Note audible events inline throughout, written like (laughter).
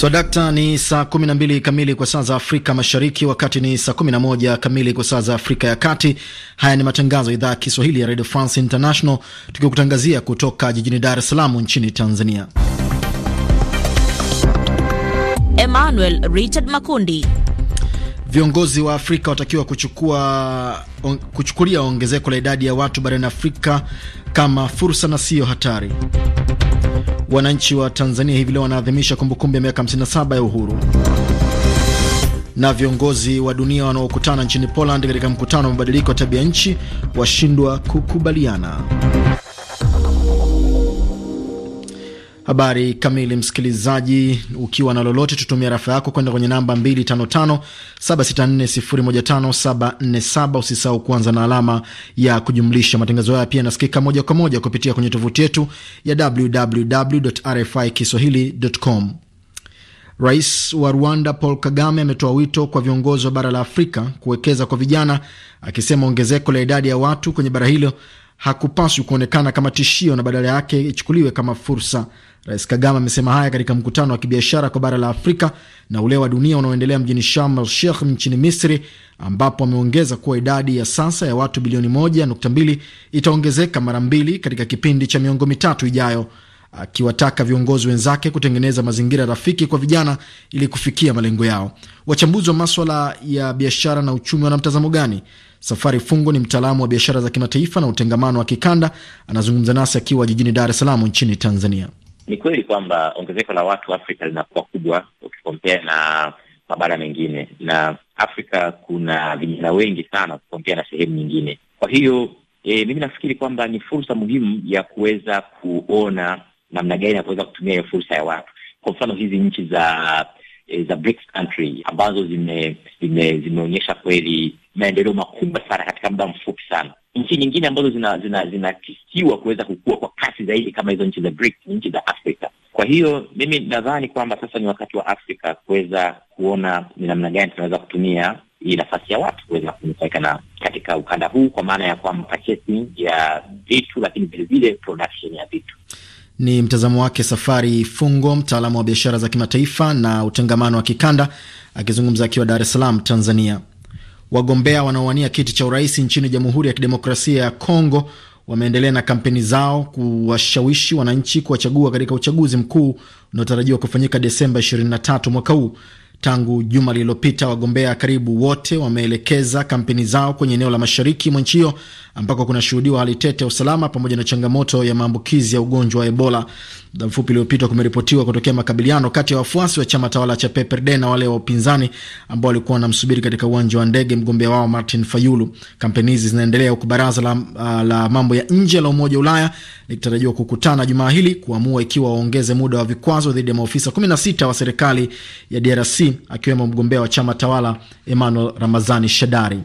Swadakta ni saa 12 kamili kwa saa za Afrika Mashariki, wakati ni saa 11 kamili kwa saa za Afrika ya Kati. Haya ni matangazo ya idhaa ya Kiswahili ya Radio France International, tukikutangazia kutoka jijini Dar es Salaam nchini Tanzania. Emmanuel Richard Makundi. Viongozi wa Afrika watakiwa kuchukua, on, kuchukulia ongezeko la idadi ya watu barani Afrika kama fursa na siyo hatari. Wananchi wa Tanzania hivi leo wanaadhimisha kumbukumbu ya miaka 57 ya uhuru. Na viongozi wa dunia wanaokutana nchini Poland katika mkutano wa mabadiliko ya tabia nchi washindwa kukubaliana. Habari kamili, msikilizaji, ukiwa na lolote, tutumia rafa yako kwenda kwenye namba 255764015747. Usisahau kuanza na alama ya kujumlisha. Matangazo haya pia yanasikika moja kwa moja kupitia kwenye tovuti yetu ya www.rfikiswahili.com. Rais wa Rwanda Paul Kagame ametoa wito kwa viongozi wa bara la Afrika kuwekeza kwa vijana, akisema ongezeko la idadi ya watu kwenye bara hilo hakupaswi kuonekana kama tishio na badala yake ichukuliwe kama fursa. Rais Kagame amesema haya katika mkutano wa kibiashara kwa bara la Afrika na ule wa dunia unaoendelea mjini Sharm el Sheikh nchini Misri, ambapo ameongeza kuwa idadi ya sasa ya watu bilioni 1.2 itaongezeka mara mbili katika kipindi cha miongo mitatu ijayo, akiwataka viongozi wenzake kutengeneza mazingira rafiki kwa vijana ili kufikia malengo yao. Wachambuzi wa maswala ya biashara na uchumi wana mtazamo gani? Safari Fungo ni mtaalamu wa biashara za kimataifa na utengamano wa kikanda, anazungumza nasi akiwa jijini Dar es Salaam nchini Tanzania. Ni kweli kwamba ongezeko la watu Afrika linakuwa kubwa ukikompea na mabara mengine, na Afrika kuna vijana wengi sana ukikompea na sehemu nyingine. Kwa hiyo e, mimi nafikiri kwamba ni fursa muhimu ya kuweza kuona namna gani ya kuweza kutumia hiyo fursa ya watu. Kwa mfano hizi nchi za Eh, za BRICS country ambazo zime, zime, zimeonyesha kweli maendeleo makubwa sana katika muda mfupi sana. Nchi nyingine ambazo zinakisiwa zina, zina kuweza kukua kwa kasi zaidi kama hizo nchi za BRICS ni nchi za Afrika. Kwa hiyo mimi nadhani kwamba sasa ni wakati wa Afrika kuweza kuona ni namna gani tunaweza kutumia hii nafasi ya watu kuweza kunufaika na katika ukanda huu, kwa maana ya kwamba purchasing ya vitu, lakini vilevile production ya vitu. Ni mtazamo wake Safari Fungo, mtaalamu wa biashara za kimataifa na utengamano wa kikanda, akizungumza akiwa Dar es Salaam, Tanzania. Wagombea wanaowania kiti cha urais nchini Jamhuri ya Kidemokrasia ya Kongo wameendelea na kampeni zao kuwashawishi wananchi kuwachagua katika uchaguzi mkuu unaotarajiwa kufanyika Desemba 23 mwaka huu. Tangu juma lililopita, wagombea karibu wote wameelekeza kampeni zao kwenye eneo la mashariki mwa nchi hiyo ambako kunashuhudiwa hali tete ya usalama pamoja na changamoto ya maambukizi ya ugonjwa wa Ebola. Muda mfupi uliopita kumeripotiwa kutokea makabiliano kati ya wafuasi wa chama tawala cha PPRD na wale wa upinzani ambao walikuwa wanamsubiri katika uwanja wa ndege mgombea wao Martin Fayulu. Kampeni hizi zinaendelea huku baraza la, uh, la mambo ya nje la Umoja wa Ulaya likitarajiwa kukutana Jumaa hili kuamua ikiwa waongeze muda wa vikwazo dhidi ya maofisa 16 wa serikali ya DRC akiwemo mgombea wa chama tawala Emmanuel Ramazani Shadari.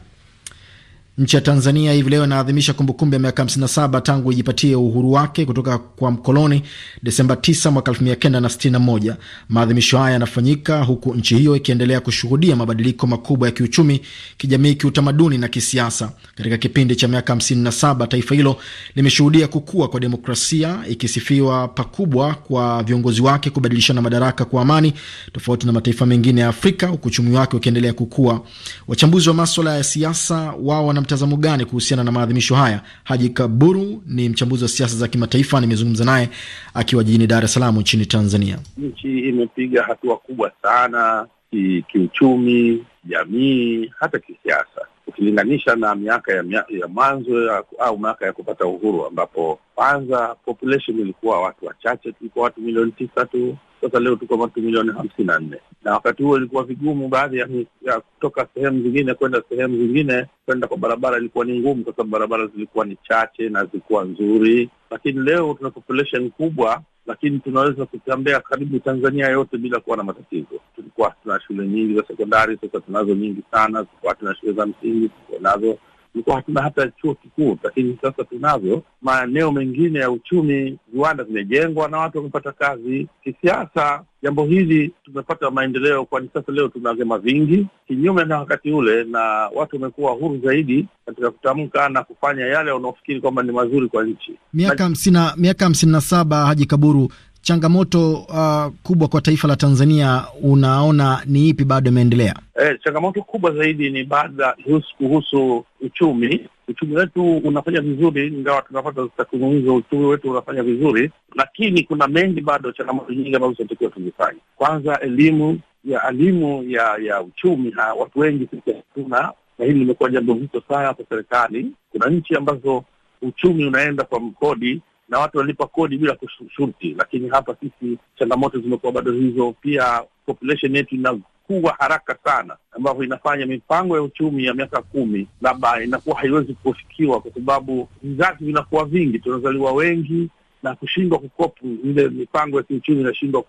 Nchi ya Tanzania hivi leo inaadhimisha kumbukumbu ya miaka 57 tangu ijipatie uhuru wake kutoka kwa mkoloni Desemba 9 mwaka 1961. Maadhimisho haya yanafanyika huku nchi hiyo ikiendelea kushuhudia mabadiliko makubwa ya kiuchumi, kijamii, kiutamaduni na kisiasa. Katika kipindi cha miaka 57, taifa hilo limeshuhudia kukua kwa demokrasia, ikisifiwa pakubwa kwa viongozi wake kubadilishana madaraka kwa amani, tofauti na mataifa mengine ya Afrika, huku uchumi wake ukiendelea kukua. Wachambuzi wa maswala ya siasa wao wana mtazamo gani kuhusiana na maadhimisho haya? Haji Kaburu ni mchambuzi wa siasa za kimataifa, nimezungumza naye akiwa jijini Dar es Salaam nchini Tanzania. Nchi imepiga hatua kubwa sana ki, kiuchumi, jamii, hata kisiasa ukilinganisha na miaka ya, ya mwanzo au miaka ya kupata uhuru ambapo kwanza population ilikuwa watu wachache, tulikuwa watu milioni tisa tu. Sasa leo tuko watu milioni hamsini na nne na wakati huo ilikuwa vigumu baadhi ya, ya kutoka sehemu zingine kwenda sehemu zingine, kwenda kwa barabara ilikuwa ni ngumu, kwa sababu barabara zilikuwa ni chache na zilikuwa nzuri, lakini leo tuna population kubwa lakini tunaweza kutembea karibu Tanzania yote bila kuwa na matatizo. Tulikuwa tuna shule nyingi za sekondari, sasa tunazo nyingi sana. Tulikuwa tuna shule za msingi, tuko nazo tulikuwa hatuna hata chuo kikuu, lakini sasa tunavyo. Maeneo mengine ya uchumi, viwanda vimejengwa na watu wamepata kazi. Kisiasa jambo hili tumepata maendeleo, kwani sasa leo tuna vyama vingi, kinyume na wakati ule, na watu wamekuwa huru zaidi katika kutamka na kufanya yale wanaofikiri kwamba ni mazuri kwa nchi. Miaka hamsini na miaka hamsini na saba Haji Kaburu, changamoto uh, kubwa kwa taifa la Tanzania unaona ni ipi bado imeendelea? Eh, changamoto kubwa zaidi ni baada kuhusu uchumi. Uchumi wetu unafanya vizuri, ingawa tunapata takwimu hizo, uchumi wetu unafanya vizuri, lakini kuna mengi bado, changamoto nyingi ambazo tunatakiwa tuzifanye. Kwanza elimu ya alimu ya ya uchumi ha, watu wengi sisi hatuna, na hili limekuwa jambo zito sana kwa serikali. Kuna nchi ambazo uchumi unaenda kwa mkodi na watu wanalipa kodi bila kushurti. Lakini hapa sisi changamoto zimekuwa bado hizo, pia population yetu inakuwa haraka sana, ambavyo inafanya mipango ya uchumi ya miaka kumi labda inakuwa haiwezi kufikiwa kwa sababu vizazi vinakuwa vingi, tunazaliwa wengi na kushindwa kukopu ile mipango ya kiuchumi inashindwa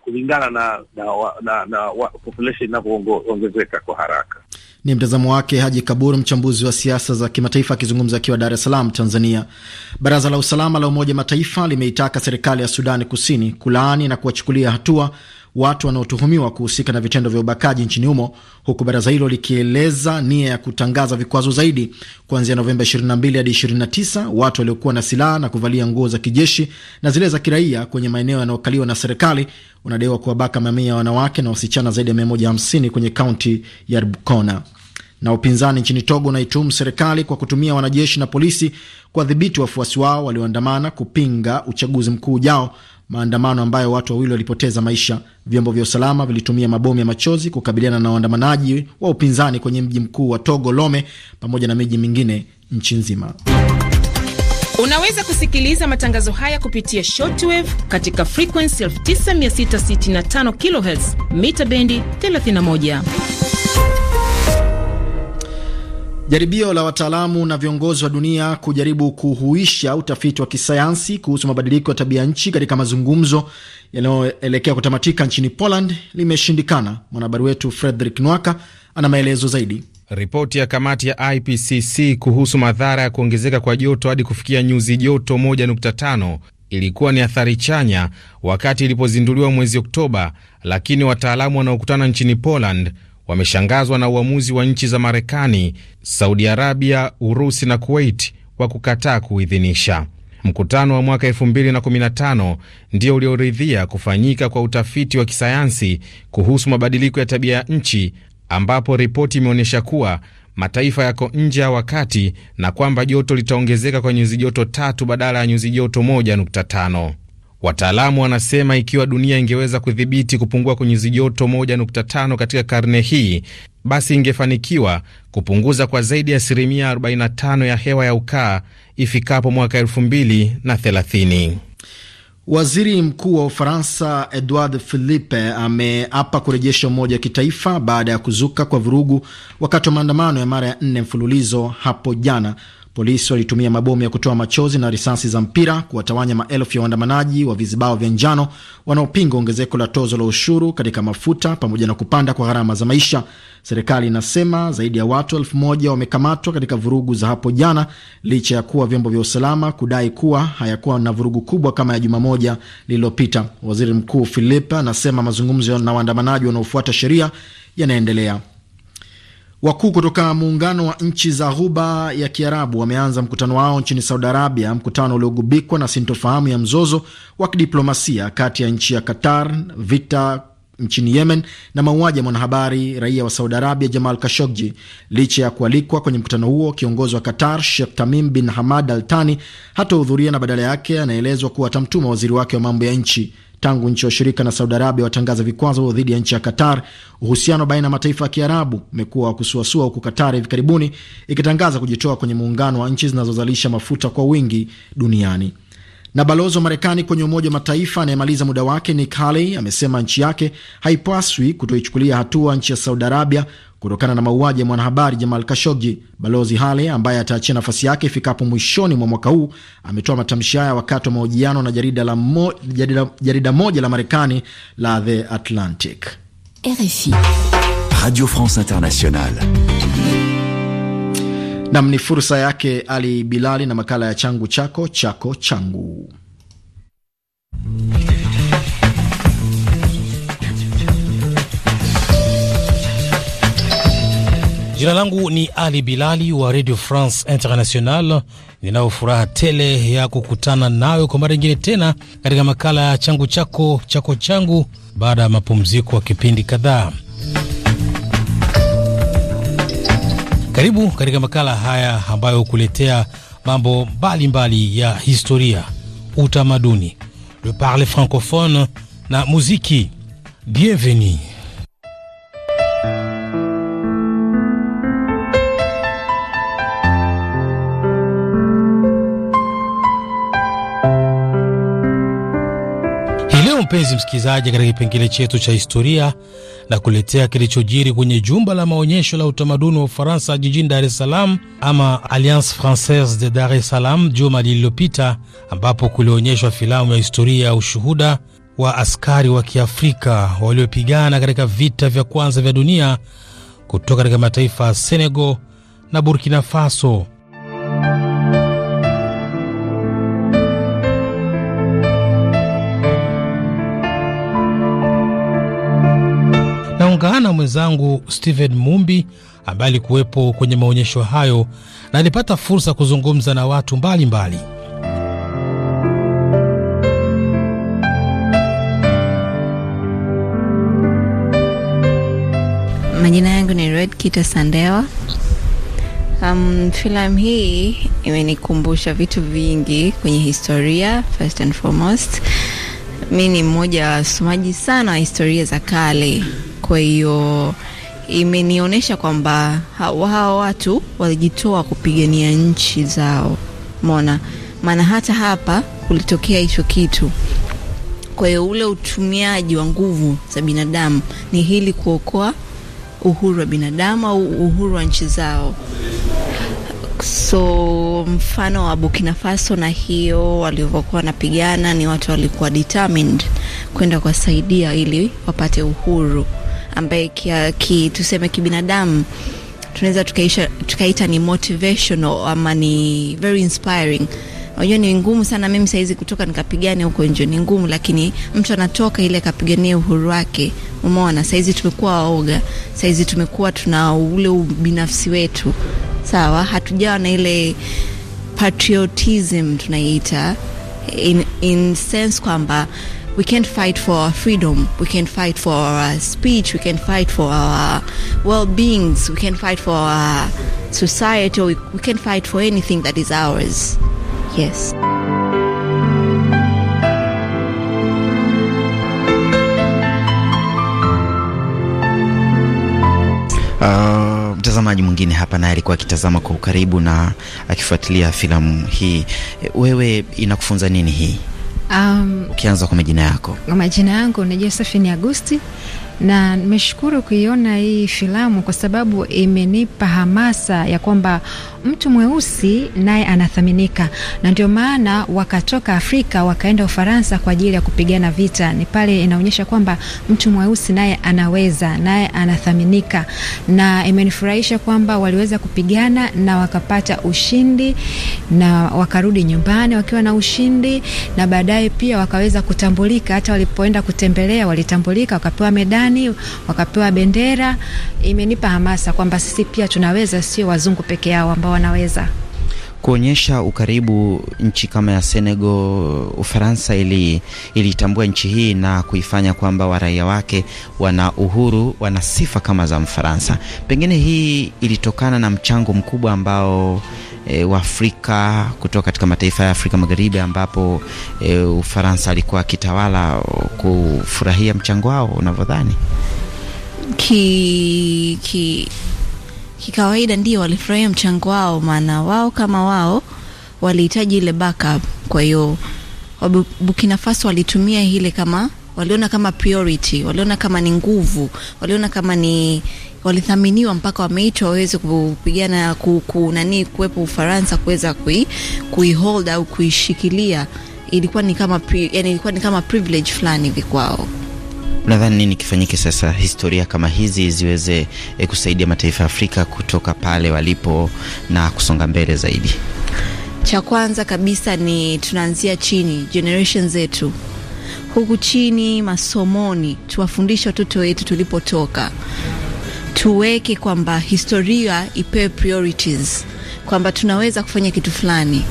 kulingana na na, na, na, na population inavyoongezeka kwa haraka. Ni mtazamo wake Haji Kabur, mchambuzi wa siasa za kimataifa, akizungumza akiwa Dar es Salaam, Tanzania. Baraza la Usalama la Umoja Mataifa limeitaka serikali ya Sudani Kusini kulaani na kuwachukulia hatua watu wanaotuhumiwa kuhusika na vitendo vya ubakaji nchini humo, huku baraza hilo likieleza nia ya kutangaza vikwazo zaidi kuanzia Novemba 22 hadi 29 watu waliokuwa na silaha na kuvalia nguo za kijeshi na zile za kiraia kwenye maeneo yanayokaliwa na serikali unadaiwa kuwabaka mamia ya wanawake na wasichana zaidi ya 150 kwenye kaunti ya Bukona. Na upinzani nchini Togo unaituhumu serikali kwa kutumia wanajeshi na polisi kuwadhibiti wafuasi wao walioandamana kupinga uchaguzi mkuu ujao maandamano ambayo watu wawili walipoteza maisha. Vyombo vya usalama vilitumia mabomu ya machozi kukabiliana na waandamanaji wa upinzani kwenye mji mkuu wa Togo, Lome, pamoja na miji mingine nchi nzima. Unaweza kusikiliza matangazo haya kupitia shortwave katika frequency 9665 kilohertz mita bendi 31. Jaribio la wataalamu na viongozi wa dunia kujaribu kuhuisha utafiti wa kisayansi kuhusu mabadiliko ya tabia nchi katika mazungumzo yanayoelekea kutamatika nchini Poland limeshindikana. Mwanahabari wetu Frederick Nwaka ana maelezo zaidi. Ripoti ya kamati ya IPCC kuhusu madhara ya kuongezeka kwa joto hadi kufikia nyuzi joto 1.5 ilikuwa ni athari chanya wakati ilipozinduliwa mwezi Oktoba, lakini wataalamu wanaokutana nchini Poland wameshangazwa na uamuzi wa nchi za Marekani, Saudi Arabia, Urusi na Kuwait wa kukataa kuidhinisha. Mkutano wa mwaka 2015 ndio ulioridhia kufanyika kwa utafiti wa kisayansi kuhusu mabadiliko ya tabia ya nchi, ambapo ripoti imeonyesha kuwa mataifa yako nje ya wakati na kwamba joto litaongezeka kwa nyuzi joto tatu badala ya nyuzi joto 1.5. Wataalamu wanasema ikiwa dunia ingeweza kudhibiti kupungua kwa nyuzi joto 1.5 katika karne hii, basi ingefanikiwa kupunguza kwa zaidi ya asilimia 45 ya hewa ya ukaa ifikapo mwaka 2030. Waziri Mkuu wa Ufaransa Edouard Philippe ameapa kurejesha umoja wa kitaifa baada ya kuzuka kwa vurugu wakati wa maandamano ya mara ya nne mfululizo hapo jana Polisi walitumia mabomu ya kutoa machozi na risasi za mpira kuwatawanya maelfu ya waandamanaji wa vizibao vya njano wanaopinga ongezeko la tozo la ushuru katika mafuta pamoja na kupanda kwa gharama za maisha. Serikali inasema zaidi ya watu elfu moja wamekamatwa katika vurugu za hapo jana, licha ya kuwa vyombo vya usalama kudai kuwa hayakuwa na vurugu kubwa kama ya juma moja lililopita. Waziri Mkuu Philip anasema mazungumzo na waandamanaji wanaofuata sheria yanaendelea. Wakuu kutoka muungano wa nchi za Ghuba ya Kiarabu wameanza mkutano wao nchini Saudi Arabia, mkutano uliogubikwa na sintofahamu ya mzozo wa kidiplomasia kati ya nchi ya Qatar, vita nchini Yemen na mauaji ya mwanahabari raia wa Saudi Arabia Jamal Khashoggi. Licha ya kualikwa kwenye mkutano huo, kiongozi wa Qatar Sheikh Tamim bin Hamad Al Thani hatahudhuria na badala yake anaelezwa kuwa atamtuma waziri wake wa mambo ya nchi tangu nchi washirika na Saudi Arabia watangaza vikwazo dhidi ya nchi ya Qatar, uhusiano baina ya mataifa ya Kiarabu umekuwa wa kusuasua, huku Qatar hivi karibuni ikitangaza kujitoa kwenye muungano wa nchi zinazozalisha mafuta kwa wingi duniani. Na balozi wa Marekani kwenye Umoja wa Mataifa anayemaliza muda wake Nick Haley amesema nchi yake haipaswi kutoichukulia hatua nchi ya Saudi Arabia kutokana na mauaji ya mwanahabari Jamal Kashogi. Balozi Haley ambaye ataachia nafasi yake ifikapo mwishoni mwa mwaka huu ametoa matamshi haya wakati wa mahojiano na jarida, la mo, jarida, jarida moja la Marekani la The Atlantic. RFI Radio France Internationale Nam ni fursa yake Ali Bilali na makala ya changu chako chako changu. Jina langu ni Ali Bilali wa Radio France International. Ninayo furaha tele ya kukutana nawe kwa mara nyingine tena katika makala ya changu chako chako changu, baada ya mapumziko ya kipindi kadhaa. Karibu katika makala haya ambayo hukuletea mambo mbalimbali mbali ya historia, utamaduni, le parle francophone na muziki. Bienvenue. Hii leo mpenzi msikilizaji, katika kipengele chetu cha historia na kuletea kilichojiri kwenye jumba la maonyesho la utamaduni wa Ufaransa jijini Dar es Salaam ama Alliance Francaise de Dar es Salaam juma lililopita, ambapo kulionyeshwa filamu ya historia ya ushuhuda wa askari wa Kiafrika waliopigana katika vita vya kwanza vya dunia kutoka katika mataifa ya Senegal na Burkina Faso. na mwenzangu Steven Mumbi ambaye alikuwepo kwenye maonyesho hayo na alipata fursa kuzungumza na watu mbalimbali mbali. Majina yangu ni Red Kita Sandewa. Um, filamu hii imenikumbusha vitu vingi kwenye historia. First and foremost, mi ni mmoja wa wasomaji sana wa historia za kale kwa hiyo imenionyesha kwamba hawa watu walijitoa kupigania nchi zao, mona maana hata hapa kulitokea hicho kitu. Kwa hiyo ule utumiaji wa nguvu za binadamu ni hili kuokoa uhuru wa binadamu au uhuru wa nchi zao. So mfano wa Burkina Faso na hiyo walivyokuwa wanapigana, ni watu walikuwa determined kwenda kuwasaidia ili wapate uhuru ambaye ki, tuseme kibinadamu tunaweza tukaita ni motivational ama ni very inspiring. Unajua, ni ngumu sana mimi saizi kutoka nikapigane huko nje, ni ngumu, lakini mtu anatoka ile akapigania uhuru wake. Umeona saizi tumekuwa waoga, saizi tumekuwa tuna ule ubinafsi wetu, sawa, hatujawa na ile patriotism tunaiita in, in sense kwamba we can fight for our freedom, we can fight for our speech, we can fight for our well beings, we can fight for our society, we, we can fight for anything that is ours. Yes. Uh, mtazamaji mwingine hapa naye alikuwa akitazama kwa ukaribu na akifuatilia filamu hii. Wewe inakufunza nini hii? Um, ukianza kwa majina yako. kwa Majina yangu ni Josephine Agusti na nimeshukuru kuiona hii filamu kwa sababu imenipa hamasa ya kwamba mtu mweusi naye anathaminika, na ndio maana wakatoka Afrika wakaenda Ufaransa kwa ajili ya kupigana vita. Ni pale inaonyesha kwamba mtu mweusi naye anaweza, naye anathaminika, na imenifurahisha kwamba waliweza kupigana na wakapata ushindi na wakarudi nyumbani wakiwa na ushindi, na baadaye pia wakaweza kutambulika. Hata walipoenda kutembelea walitambulika, wakapewa medani, wakapewa bendera. Imenipa hamasa kwamba sisi pia tunaweza, sio wazungu peke yao ambao wanaweza kuonyesha ukaribu. Nchi kama ya Senegal, Ufaransa ilitambua ili nchi hii na kuifanya kwamba waraia wake wana uhuru, wana sifa kama za Mfaransa. Pengine hii ilitokana na mchango mkubwa ambao E, Waafrika kutoka katika mataifa ya Afrika Magharibi ambapo e, Ufaransa alikuwa akitawala kufurahia mchango wao unavyodhani ki, ki kikawaida ndio walifurahia mchango wao, maana wao kama wao walihitaji ile backup. Kwa hiyo Burkina Faso walitumia ile kama waliona kama priority, waliona kama ni nguvu, waliona kama ni walithaminiwa mpaka wameitwa waweze kupigana ku, ku, nani kuwepo Ufaransa kuweza kui, kuihold au kuishikilia. Ilikuwa ni kama pri, yani ilikuwa ni kama privilege fulani hivi kwao. Unadhani nini kifanyike sasa, historia kama hizi ziweze e, kusaidia mataifa ya Afrika kutoka pale walipo na kusonga mbele zaidi? Cha kwanza kabisa ni tunaanzia chini, generation zetu huku chini masomoni, tuwafundishe watoto wetu tulipotoka, tuweke kwamba historia ipewe priorities, kwamba tunaweza kufanya kitu fulani,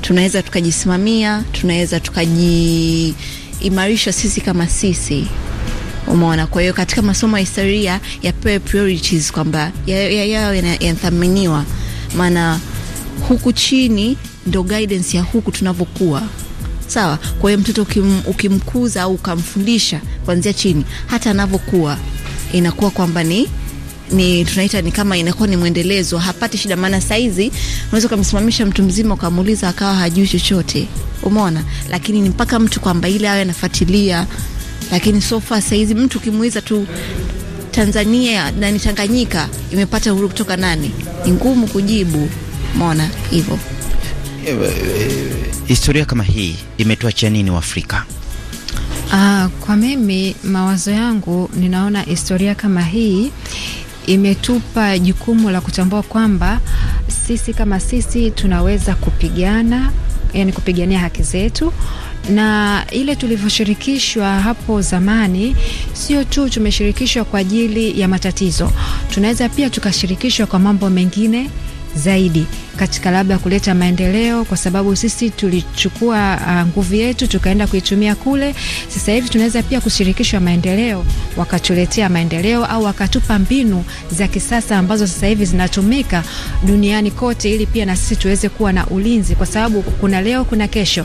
tunaweza tukajisimamia, tunaweza tukajiimarisha sisi kama sisi Umeona, kwa hiyo katika masomo ya historia yapewe priorities kwamba yao ya, ya, yanathaminiwa ya, maana huku chini ndo guidance ya huku tunavyokuwa sawa. Kwa hiyo mtoto ukim, ukimkuza au ukamfundisha kuanzia chini, hata anavyokuwa inakuwa kwamba ni ni tunaita ni kama inakuwa ni mwendelezo, hapati shida. Maana saizi unaweza ukamsimamisha mtu mzima ukamuuliza akawa hajui chochote, umeona, lakini ni mpaka mtu kwamba ile awe anafuatilia lakini sofa sahizi mtu ukimuiza tu Tanzania na ni Tanganyika imepata uhuru kutoka nani, ni ngumu kujibu. Mona hivyo eh, historia kama hii imetuachia nini Waafrika? Ah, kwa mimi mawazo yangu ninaona historia kama hii imetupa jukumu la kutambua kwamba sisi kama sisi tunaweza kupigana, yani kupigania haki zetu na ile tulivyoshirikishwa hapo zamani, sio tu tumeshirikishwa kwa ajili ya matatizo, tunaweza pia tukashirikishwa kwa mambo mengine zaidi katika labda kuleta maendeleo, kwa sababu sisi tulichukua ah, nguvu yetu tukaenda kuitumia kule. Sasa hivi tunaweza pia kushirikishwa maendeleo, wakatuletea maendeleo au wakatupa mbinu za kisasa ambazo sasa hivi zinatumika duniani kote, ili pia na sisi tuweze kuwa na ulinzi, kwa sababu kuna leo, kuna kesho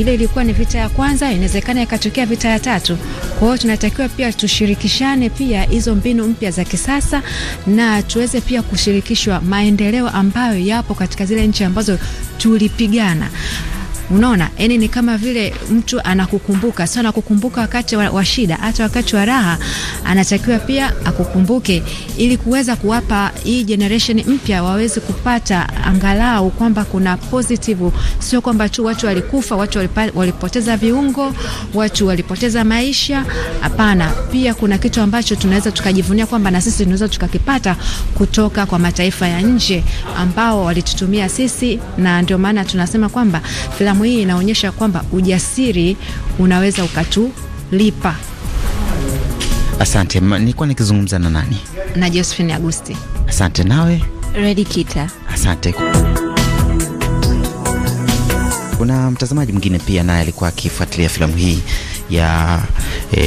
ile ilikuwa ni vita ya kwanza, inawezekana ikatokea vita ya tatu. Kwa hiyo tunatakiwa pia tushirikishane pia hizo mbinu mpya za kisasa, na tuweze pia kushirikishwa maendeleo ambayo yapo katika zile nchi ambazo tulipigana. Unaona, yani ni kama vile mtu anakukumbuka, sio anakukumbuka wakati wa, wa shida, hata wakati wa raha anatakiwa pia akukumbuke, ili kuweza kuwapa hii generation mpya waweze kupata angalau kwamba kuna positive, sio kwamba tu watu walikufa, watu walipoteza viungo, watu walipoteza maisha. Hapana, pia kuna kitu ambacho tunaweza tukajivunia kwamba na sisi tunaweza tukakipata kutoka kwa mataifa ya nje ambao walitutumia sisi, na ndio maana tunasema kwamba filamu filamu hii inaonyesha kwamba ujasiri unaweza ukatulipa. Asante. Nilikuwa nikizungumza na nani? Na Josephine Agusti. Asante. Nawe Redi Kita. Asante. Kuna mtazamaji mwingine pia naye alikuwa akifuatilia filamu hii ya e,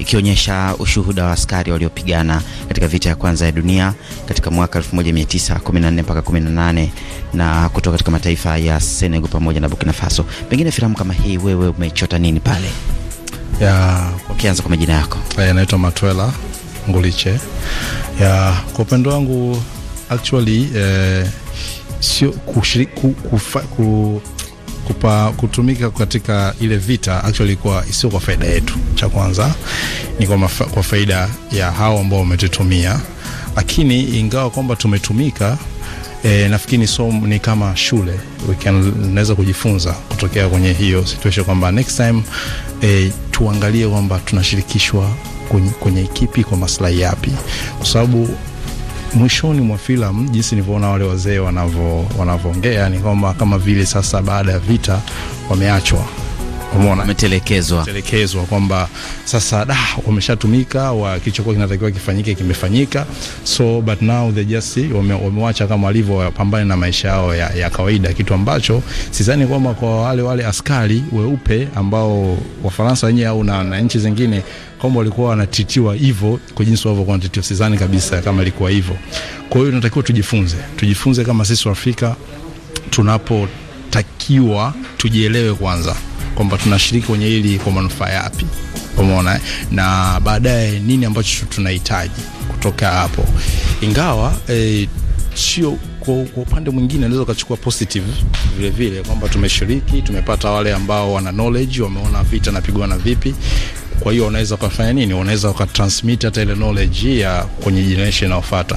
ikionyesha ushuhuda wa askari waliopigana katika vita ya kwanza ya dunia katika mwaka 1914 mpaka 18 na kutoka katika mataifa ya Senegal pamoja na Burkina Faso. Pengine filamu kama hii wewe umechota nini pale? Ya, ukianza kwa majina yako. Eh, naitwa Matwela Nguliche. Ya, kwa upendo wangu actually eh, sio kushiriki ku, ku, ku, kupa, kutumika katika ile vita actually kwa sio kwa faida yetu. Cha kwanza ni kwa, mafa, kwa faida ya hao ambao wametutumia, lakini ingawa kwamba tumetumika E, nafikiri so ni kama shule naweza kujifunza kutokea kwenye hiyo situation kwamba next time e, tuangalie kwamba tunashirikishwa kwenye, kwenye kipi kwa maslahi yapi, kwa sababu mwishoni mwa filamu, jinsi nilivyoona wale wazee wanavyoongea, ni kwamba kama vile sasa baada ya vita wameachwa umeona, umetelekezwa telekezwa kwamba sasa da wameshatumika, wa kilichokuwa kinatakiwa kifanyike kimefanyika, so but now they just wame, wamewacha kama walivyo, wapambane na maisha yao ya, ya kawaida, kitu ambacho sidhani kwamba kwa wale wale askari weupe ambao Wafaransa wenyewe au na, na nchi zingine kwamba walikuwa wanatitiwa hivyo kwa jinsi wao walivyokuwa wanatitiwa, sidhani kabisa kama ilikuwa hivyo. Kwa hiyo tunatakiwa tujifunze, tujifunze kama sisi wa Waafrika tunapotakiwa tujielewe kwanza kwamba tunashiriki kwenye hili kwa manufaa yapi, umeona, na baadaye nini ambacho tunahitaji kutoka hapo, ingawa eh, sio kwa, kwa upande mwingine unaweza ukachukua positive vile vile kwamba tumeshiriki, tumepata wale ambao wana knowledge, wameona vita napigwa na vipi. Kwa hiyo wanaweza ukafanya nini, unaweza ukatransmit hata ile knowledge ya kwenye generation inayofuata.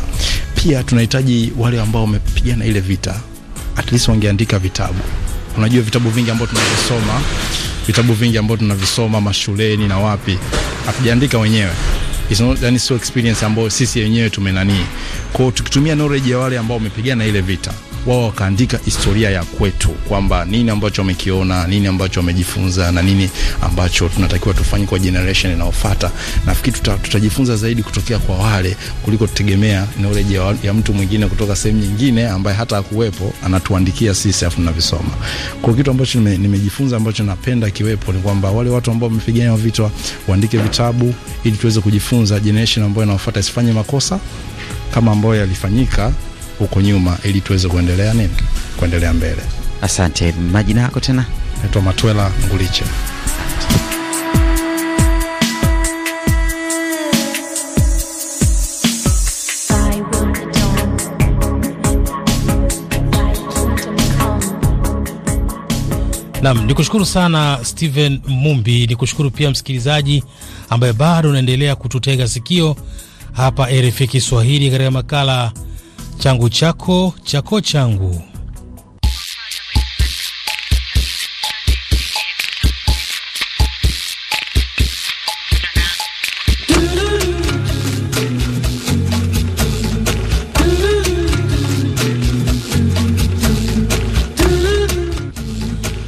Pia tunahitaji wale ambao wamepigana ile vita, at least wangeandika vitabu unajua vitabu vingi ambavyo tunavisoma vitabu vingi ambavyo tunavisoma mashuleni na wapi hatujaandika wenyewe yani sio experience ambayo sisi wenyewe tumenanii kwao tukitumia knowledge ya wale ambao wamepigana ile vita wao wakaandika historia ya kwetu, kwamba nini ambacho wamekiona, nini ambacho wamejifunza na nini ambacho tunatakiwa tufanye kwa generation inayofuata. Nafikiri tuta, tutajifunza zaidi kutokea kwa wale kuliko tutegemea knowledge ya, ya mtu mwingine kutoka sehemu nyingine ambaye hata hakuwepo anatuandikia sisi afu tunavisoma. Kwa kitu ambacho nime, nimejifunza ambacho napenda kiwepo ni kwamba wale watu ambao wamepigania vita waandike vitabu ili tuweze kujifunza, generation ambayo inayofuata isifanye makosa kama ambayo yalifanyika huko nyuma ili tuweze kuendelea nini, kuendelea mbele. Asante. Majina yako tena? Naitwa Matwela Nguliche. Nam, ni kushukuru sana stehen Mumbi, ni kushukuru pia msikilizaji ambaye bado unaendelea kututega sikio hapa RFI Kiswahili katika makala changu chako chako changu.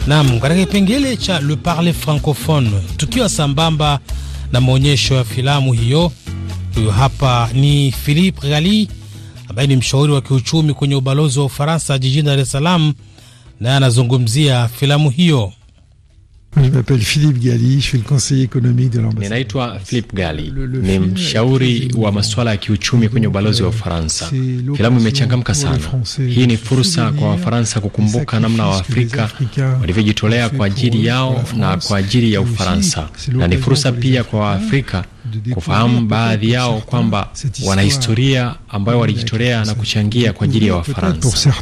Nam, katika kipengele cha Le Parle Francophone, tukiwa sambamba na maonyesho ya filamu hiyo, huyu hapa ni Philippe galli ambaye ni mshauri wa kiuchumi kwenye ubalozi wa Ufaransa jijini Dar es Salaam, naye anazungumzia filamu hiyo. Je m'appelle Philippe Gali, je suis le conseiller économique de l'ambassade. Ninaitwa Philip Gali, ni mshauri wa masuala ya kiuchumi kwenye ubalozi wa Ufaransa. Filamu imechangamka sana. Hii ni fursa kwa Wafaransa kukumbuka namna Waafrika walivyojitolea kwa ajili yao na kwa ajili ya Ufaransa, na ni fursa pia kwa Waafrika kufahamu baadhi yao kwamba wana historia ambayo walijitolea na kuchangia kwa ajili ya Wafaransa.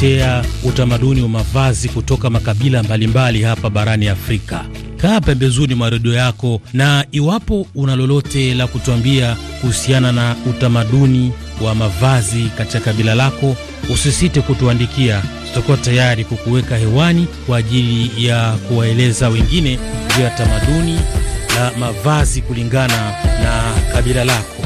kutetea utamaduni wa mavazi kutoka makabila mbalimbali hapa barani Afrika. Kaa pembezoni mwa redio yako, na iwapo una lolote la kutuambia kuhusiana na utamaduni wa mavazi katika kabila lako, usisite kutuandikia. Tutakuwa tayari kukuweka hewani kwa ajili ya kuwaeleza wengine juu ya tamaduni la mavazi kulingana na kabila lako.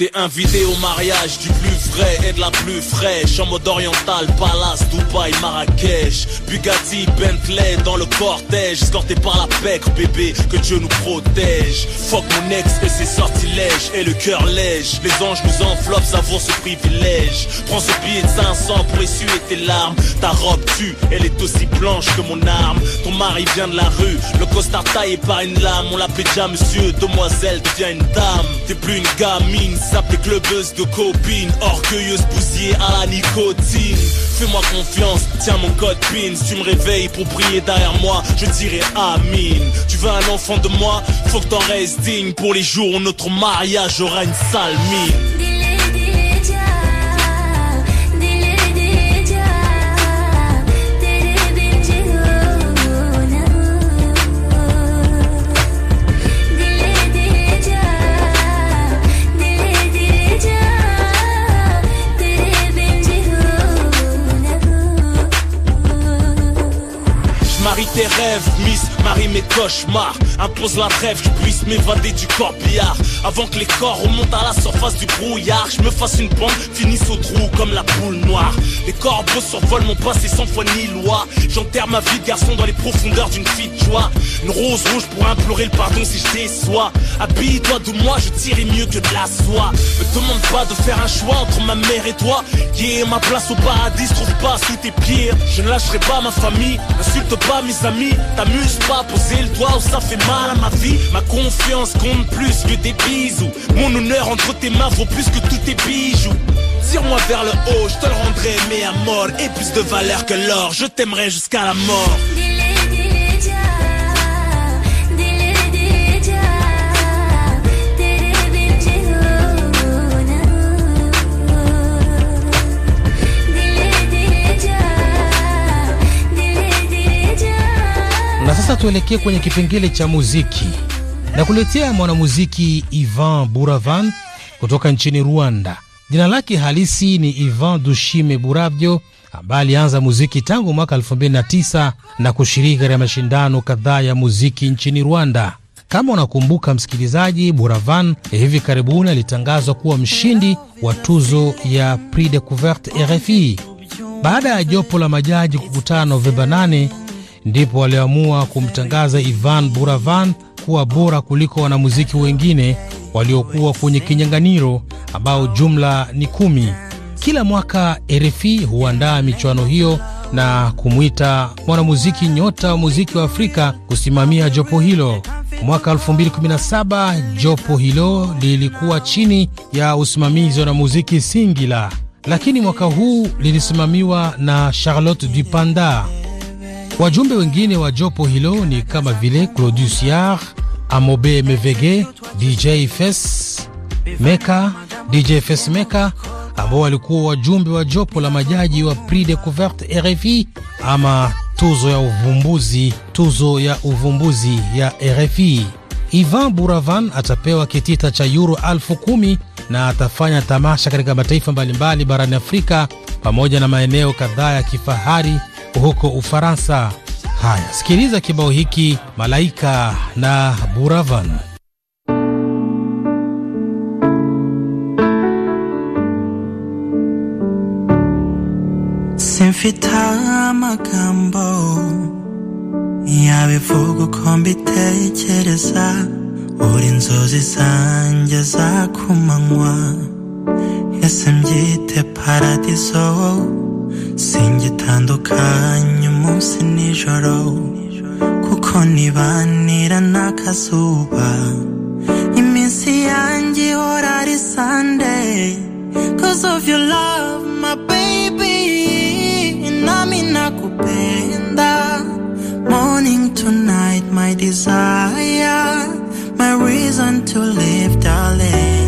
T'es invité au mariage du plus vrai et de la plus fraîche. En mode oriental, Palace, Dubaï, Marrakech. Bugatti, Bentley dans le cortège. Escorté par la pègre, bébé, que Dieu nous protège. Fuck mon ex et ses sortilèges. Et le cœur lège. Les anges nous enveloppent, savons ce privilège. Prends ce billet de 500 pour essuyer tes larmes. Ta robe tue, elle est aussi blanche que mon arme. Ton mari vient de la rue, le costard taillé par une lame. On l'appelait déjà monsieur, demoiselle devient une dame. T'es plus une gamine le clubeuse de copines, orgueilleuse bousier à la nicotine. Fais-moi confiance, tiens mon code pin. Si tu me réveilles pour briller derrière moi, je dirai Amine. Tu veux un enfant de moi, faut que t'en restes digne. Pour les jours où notre mariage aura une sale mine. mes cauchemars Impose la trêve je puisse m'évader du corps corbillard Avant que les corps remontent à la surface du brouillard Je me fasse une bande, finisse au trou comme la poule noire Les corbeaux survolent mon passé sans foi ni loi J'enterre ma vie de garçon dans les profondeurs d'une fille de joie Une rose rouge pour implorer le pardon si je déçois Habille-toi de moi, je tirerai mieux que de la soie Me demande pas de faire un choix entre ma mère et toi est ma place au paradis trouve pas sous tes pieds Je ne lâcherai pas ma famille, n'insulte pas mes amis T'amuses pas pour c'est le doigt où ça fait mal à ma vie. Ma confiance compte plus que des bisous. Mon honneur entre tes mains vaut plus que tous tes bijoux. Tire-moi vers le haut, je te le rendrai, mais à mort. Et plus de valeur que l'or, je t'aimerai jusqu'à la mort. Sasa tuelekee kwenye kipengele cha muziki na kuletea mwanamuziki Ivan Buravan kutoka nchini Rwanda. Jina lake halisi ni Ivan Dushime Buravyo ambaye alianza muziki tangu mwaka 2009 na kushiriki katika mashindano kadhaa ya muziki nchini Rwanda. Kama unakumbuka msikilizaji, Buravan hivi karibuni alitangazwa kuwa mshindi wa tuzo ya Prix Decouverte RFI baada ya jopo la majaji kukutana Novemba 8 ndipo waliamua kumtangaza Ivan Buravan kuwa bora kuliko wanamuziki wengine waliokuwa kwenye kinyanganiro ambao jumla ni kumi. Kila mwaka RFI huandaa michuano hiyo na kumwita mwanamuziki nyota wa muziki wa Afrika kusimamia jopo hilo. Mwaka 2017 jopo hilo lilikuwa chini ya usimamizi wa wanamuziki Singila, lakini mwaka huu lilisimamiwa na Charlotte Dupanda. Wajumbe wengine wa jopo hilo ni kama vile Claudius Yar, Amobe Mevege, DJ Fes Meka, DJ Fes Meka ambao walikuwa wajumbe wa jopo la majaji wa Prix Decouverte RFI ama tuzo ya uvumbuzi, tuzo ya uvumbuzi ya RFI. Ivan Buravan atapewa kitita cha yuro elfu kumi na atafanya tamasha katika mataifa mbalimbali barani Afrika pamoja na maeneo kadhaa ya kifahari huko Ufaransa. Haya, sikiliza kibao hiki, Malaika na Buravan. Simfita amagambo yabivuga uko mbitekereza, uri inzozi zanjye za kumanywa, ese mbyite paradizo singitando kanya umunsi nijoro kuko nibanira n'akazuba iminsi yanjye ihora ari sunday cause of your love my baby nami nakupenda morning to night my desire my reason to live darling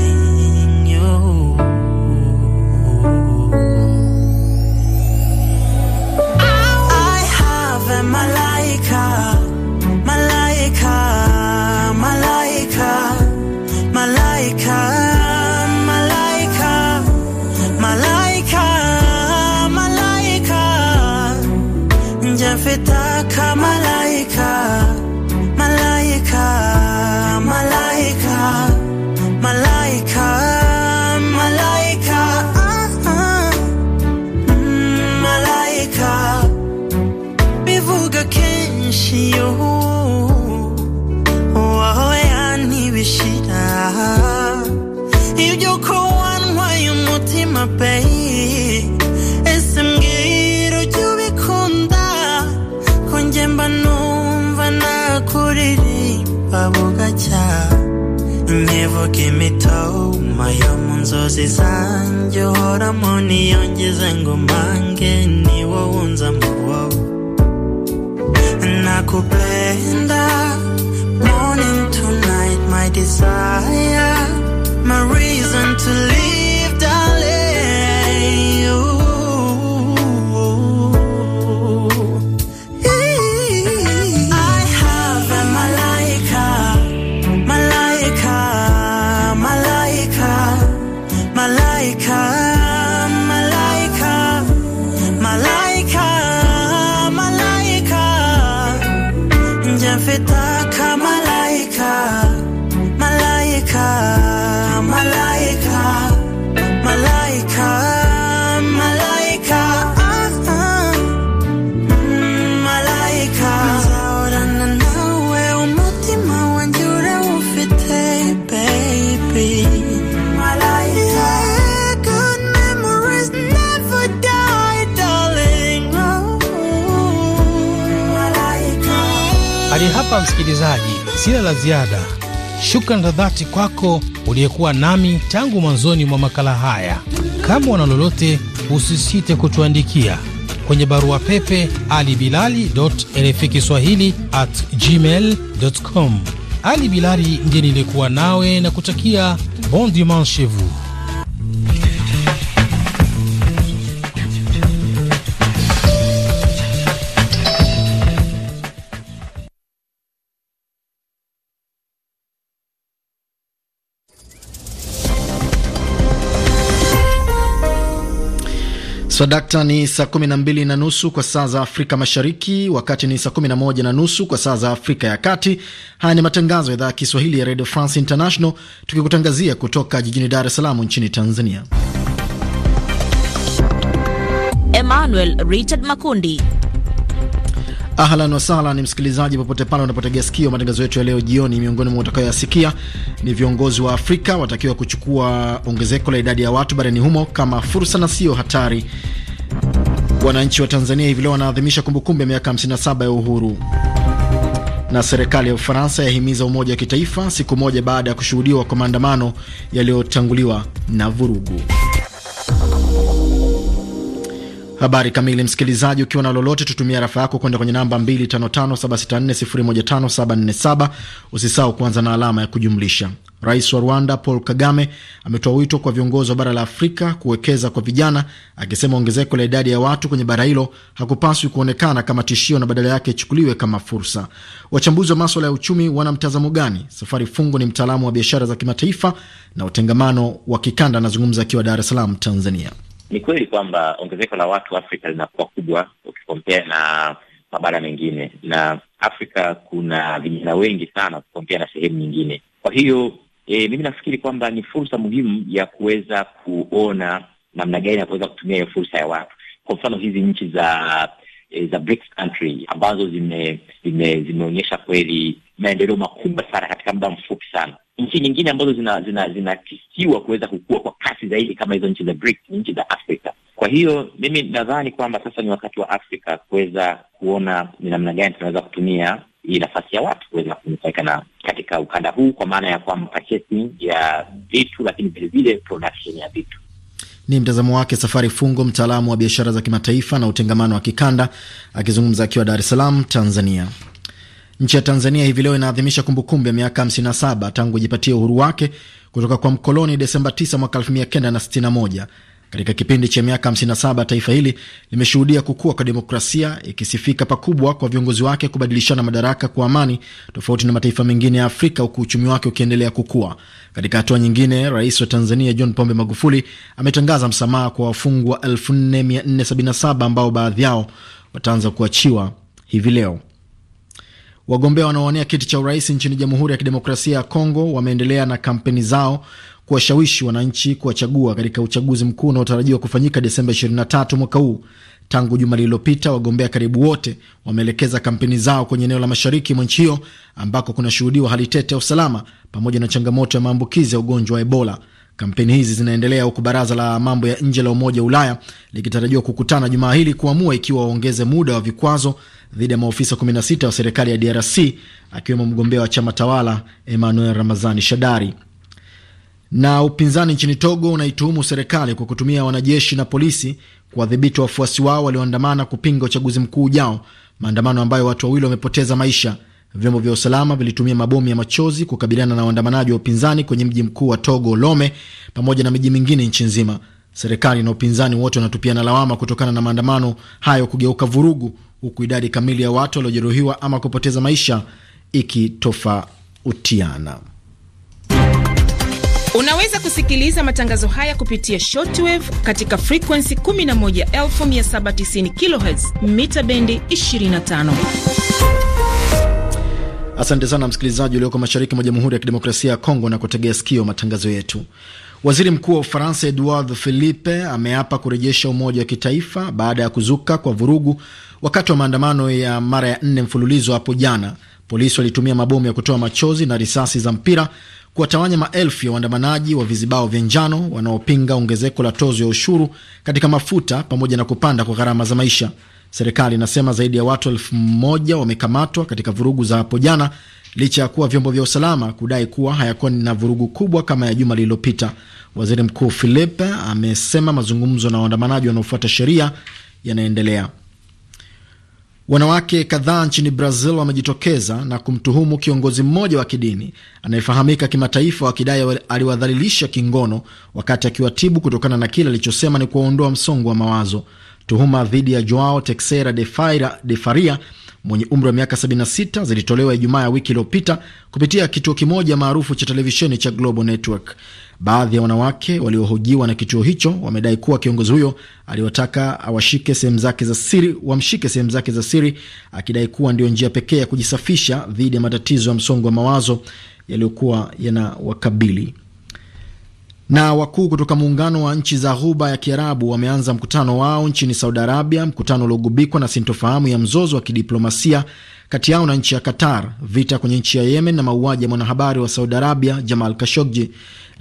buriri babugaca nkivuka imitoma yo mu nzozi zanjye uhoramo niyongeze ngo mpange ni wowe unza mu wowe nakupenda morning to night my desire my reason to live hapa msikilizaji, sina la ziada. Shukrani za dhati kwako uliyekuwa nami tangu mwanzoni mwa makala haya. Kama una lolote, usisite kutuandikia kwenye barua pepe ali bilali rfi kiswahili at gmail com. Ali Bilali ndiye niliyekuwa nawe na kutakia bon dimanche vous. Swadakta so, ni saa 12 na nusu kwa saa za Afrika Mashariki, wakati ni saa 11 na nusu kwa saa za Afrika ya Kati. Haya ni matangazo ya idhaa ya Kiswahili ya Radio France International, tukikutangazia kutoka jijini Dar es Salaam nchini Tanzania. Emmanuel Richard Makundi. Ahlan wasahlan, ni msikilizaji popote pale unapotega sikio matangazo yetu ya leo jioni. Miongoni mwa utakayoyasikia ni viongozi wa Afrika watakiwa kuchukua ongezeko la idadi ya watu barani humo kama fursa na sio hatari. Wananchi wa Tanzania hivi leo wanaadhimisha kumbukumbu ya miaka 57 ya uhuru, na serikali ya Ufaransa yahimiza umoja wa kitaifa siku moja baada ya kushuhudiwa kwa maandamano yaliyotanguliwa na vurugu. Habari kamili, msikilizaji, ukiwa na lolote, tutumia rafa yako kwenda kwenye namba 255764015747. Usisahau kuanza na alama ya kujumlisha. Rais wa Rwanda Paul Kagame ametoa wito kwa viongozi wa bara la Afrika kuwekeza kwa vijana, akisema ongezeko la idadi ya watu kwenye bara hilo hakupaswi kuonekana kama tishio na badala yake ichukuliwe kama fursa. Wachambuzi wa maswala ya uchumi wana mtazamo gani? Safari Fungu ni mtaalamu wa biashara za kimataifa na utengamano wa kikanda, anazungumza akiwa Dar es Salaam, Tanzania. Ni kweli kwamba ongezeko la watu Afrika linakuwa kubwa ukikompea na mabara mengine, na Afrika kuna vijana wengi sana kukompea na sehemu nyingine. Kwa hiyo e, mimi nafikiri kwamba ni fursa muhimu ya kuweza kuona namna gani ya kuweza kutumia hiyo fursa ya watu. Kwa mfano hizi nchi za za eh, BRICS country ambazo zime, zime, zimeonyesha kweli maendeleo makubwa sana katika muda mfupi sana. Nchi nyingine ambazo zinakisiwa zina, zina kuweza kukua kwa kasi zaidi kama hizo nchi za BRICS ni nchi za Afrika. Kwa hiyo mimi nadhani kwamba sasa ni wakati wa Afrika kuweza kuona ni namna gani tunaweza kutumia hii nafasi ya watu kuweza kunufaika na katika ukanda huu, kwa maana ya kwamba purchasing ya vitu, lakini vilevile production ya vitu. Ni mtazamo wake Safari Fungo, mtaalamu wa biashara za kimataifa na utengamano wa kikanda, akizungumza akiwa Dar es Salaam, Tanzania. Nchi ya Tanzania hivi leo inaadhimisha kumbukumbu ya miaka 57 tangu ijipatie uhuru wake kutoka kwa mkoloni Desemba 9 mwaka 1961. Katika kipindi cha miaka 57 taifa hili limeshuhudia kukua kwa demokrasia, ikisifika pakubwa kwa viongozi wake kubadilishana madaraka kwa amani, tofauti na mataifa mengine ya Afrika, huku uchumi wake ukiendelea kukua. Katika hatua nyingine, rais wa Tanzania John Pombe Magufuli ametangaza msamaha kwa wafungwa 4477 ambao baadhi yao wataanza kuachiwa hivi leo. Wagombea wanaowania kiti cha urais nchini Jamhuri ya Kidemokrasia ya Kongo wameendelea na kampeni zao kuwashawishi wananchi kuwachagua katika uchaguzi mkuu unaotarajiwa kufanyika Desemba 23 mwaka huu. Tangu juma lililopita, wagombea karibu wote wameelekeza kampeni zao kwenye eneo la mashariki mwa nchi hiyo ambako kunashuhudiwa hali tete ya usalama pamoja na changamoto ya maambukizi ya ugonjwa wa Ebola. Kampeni hizi zinaendelea huku baraza la mambo ya nje la Umoja wa Ulaya likitarajiwa kukutana jumaa hili kuamua ikiwa waongeze muda wa vikwazo dhidi ya maofisa 16 wa serikali ya DRC akiwemo mgombea wa chama tawala Emmanuel Ramazani Shadari. Na upinzani nchini Togo unaituhumu serikali kwa kutumia wanajeshi na polisi kuwadhibiti wafuasi wao walioandamana kupinga uchaguzi mkuu ujao, maandamano ambayo watu wawili wamepoteza maisha. Vyombo vya usalama vilitumia mabomu ya machozi kukabiliana na waandamanaji wa upinzani kwenye mji mkuu wa Togo, Lome, pamoja na miji mingine nchi nzima. Serikali na upinzani wote wanatupia na lawama kutokana na maandamano hayo kugeuka vurugu, huku idadi kamili ya watu waliojeruhiwa ama kupoteza maisha ikitofautiana. Unaweza kusikiliza matangazo haya kupitia shortwave katika frequency 11790 kHz mita bendi 25. Asante sana msikilizaji ulioko mashariki mwa Jamhuri ya Kidemokrasia ya Kongo na kutegea sikio matangazo yetu. Waziri Mkuu wa Ufaransa Edouard Philippe ameapa kurejesha umoja wa kitaifa baada ya kuzuka kwa vurugu wakati wa maandamano ya mara ya nne mfululizo hapo jana. Polisi walitumia mabomu ya kutoa machozi na risasi za mpira kuwatawanya maelfu ya waandamanaji wa vizibao vya njano wanaopinga ongezeko la tozo ya ushuru katika mafuta pamoja na kupanda kwa gharama za maisha. Serikali inasema zaidi ya watu elfu moja wamekamatwa katika vurugu za hapo jana licha ya kuwa vyombo vya usalama kudai kuwa hayakuwa na vurugu kubwa kama ya juma lililopita. Waziri Mkuu Philippe amesema mazungumzo na waandamanaji wanaofuata sheria yanaendelea. Wanawake kadhaa nchini Brazil wamejitokeza na kumtuhumu kiongozi mmoja wa kidini anayefahamika kimataifa wakidai aliwadhalilisha kingono wakati akiwatibu kutokana na kile alichosema ni kuwaondoa msongo wa mawazo. Tuhuma dhidi ya Joao texera de, Faira, de Faria mwenye umri wa miaka 76 zilitolewa Ijumaa ya wiki iliyopita kupitia kituo kimoja maarufu cha televisheni cha Global Network. Baadhi ya wanawake waliohojiwa na kituo hicho wamedai kuwa kiongozi huyo aliwataka awashike sehemu zake za siri, wamshike sehemu zake za siri, akidai kuwa ndiyo njia pekee ya kujisafisha dhidi ya matatizo ya msongo wa mawazo yaliyokuwa yanawakabili. Na wakuu kutoka muungano wa nchi za Ghuba ya Kiarabu wameanza mkutano wao nchini Saudi Arabia, mkutano uliogubikwa na sintofahamu ya mzozo wa kidiplomasia kati yao na nchi ya Qatar, vita kwenye nchi ya Yemen na mauaji ya mwanahabari wa Saudi Arabia Jamal Khashoggi.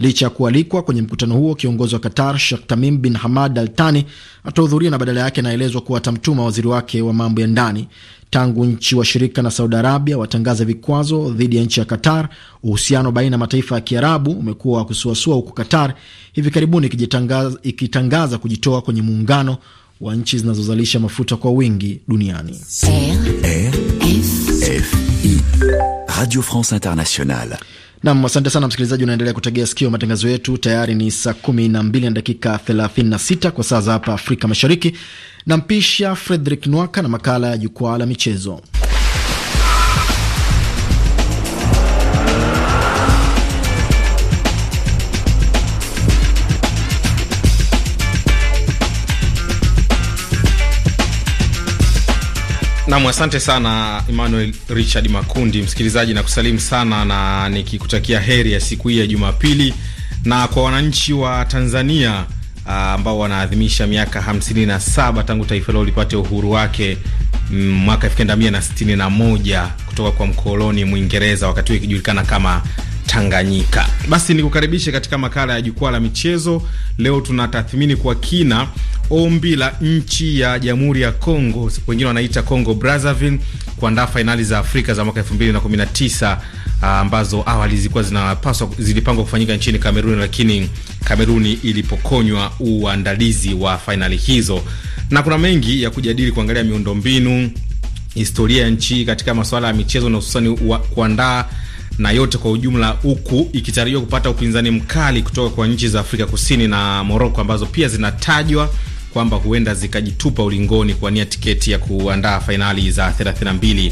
Licha ya kualikwa kwenye mkutano huo, kiongozi wa Qatar Sheikh Tamim bin Hamad Al Thani atahudhuria na badala yake anaelezwa kuwa atamtuma waziri wake wa mambo ya ndani. Tangu nchi washirika na Saudi Arabia watangaza vikwazo dhidi ya nchi ya Qatar, uhusiano baina ya mataifa ya Kiarabu umekuwa wa kusuasua, huku Qatar hivi karibuni ikitangaza kujitoa kwenye muungano wa nchi zinazozalisha mafuta kwa wingi duniani. Radio France Internationale Nam, asante sana msikilizaji, unaendelea kutegea sikio matangazo yetu. Tayari ni saa kumi na mbili na dakika 36 kwa saa za hapa Afrika Mashariki. Nampisha Frederick Nwaka na makala ya jukwaa la michezo. Nam, asante sana Emmanuel Richard Makundi. Msikilizaji na kusalimu sana na nikikutakia heri ya siku hii ya Jumapili, na kwa wananchi wa Tanzania ah, ambao wanaadhimisha miaka 57 tangu taifa hilo lipate uhuru wake mm, mwaka 1961 kutoka kwa mkoloni Mwingereza, wakati huo ikijulikana kama Tanganyika. Basi nikukaribishe katika makala ya jukwaa la michezo. Leo tunatathmini kwa kina ombi la nchi ya Jamhuri ya Kongo, wengine wanaita Congo Brazzaville, kuandaa fainali za Afrika za mwaka 2019 ah, ambazo awali zilikuwa zinapaswa zilipangwa kufanyika nchini Kameruni, lakini Kameruni ilipokonywa uandalizi wa fainali hizo. Na kuna mengi ya kujadili, kuangalia miundombinu, historia ya nchi katika masuala ya michezo na hususani kuandaa na yote kwa ujumla, huku ikitarajiwa kupata upinzani mkali kutoka kwa nchi za Afrika Kusini na Moroko ambazo pia zinatajwa kwamba huenda zikajitupa ulingoni kuwania tiketi ya kuandaa fainali za 32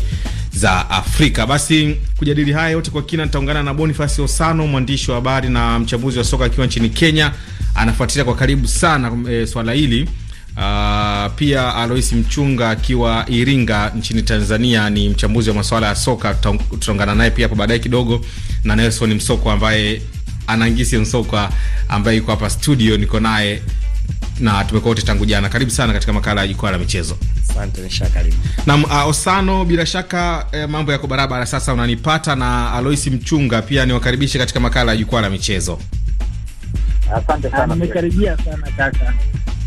za Afrika. Basi kujadili haya yote kwa kina, nitaungana na Bonifasi Osano, mwandishi wa habari na mchambuzi wa soka akiwa nchini Kenya. Anafuatilia kwa karibu sana e, swala hili Uh, pia Alois Mchunga akiwa Iringa nchini Tanzania ni mchambuzi wa masuala ya soka, tutaungana naye pia hapo baadaye kidogo, na Nelson Msoko ambaye anaingisi Msoko ambaye yuko hapa studio, niko naye na tumekuwa wote tangu jana. Karibu sana katika makala ya jukwaa la michezo. Asante nisha, karibu na uh, ah, Osano, bila shaka eh, mambo yako barabara sasa, unanipata na Alois Mchunga pia niwakaribishe katika makala ya jukwaa la michezo. Asante sana. Ah, nimekaribia sana kaka.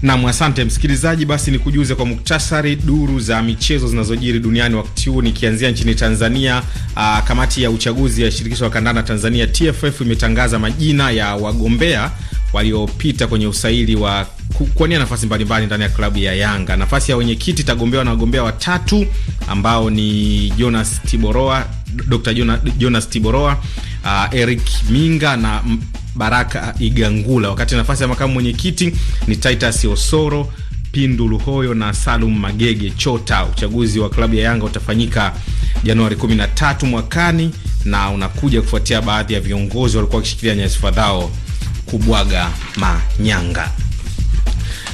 Nam, asante msikilizaji. Basi ni kujuze kwa muktasari duru za michezo zinazojiri duniani wakati huu, nikianzia nchini Tanzania. Aa, ah, kamati ya uchaguzi ya shirikisho la kandanda Tanzania TFF imetangaza majina ya wagombea waliopita kwenye usaili wa kuwania nafasi mbalimbali ndani ya klabu ya Yanga. Nafasi ya wenyekiti itagombewa na wagombea watatu ambao ni Jonas Tiboroa, Dr. Jonas Tiboroa uh, Eric Minga na Baraka Igangula, wakati nafasi ya makamu mwenyekiti ni Titus Osoro Pindu Luhoyo na Salum Magege Chota. Uchaguzi wa klabu ya Yanga utafanyika Januari 13 mwakani na unakuja kufuatia baadhi ya viongozi walikuwa wakishikilia nyadhifa zao kubwaga manyanga.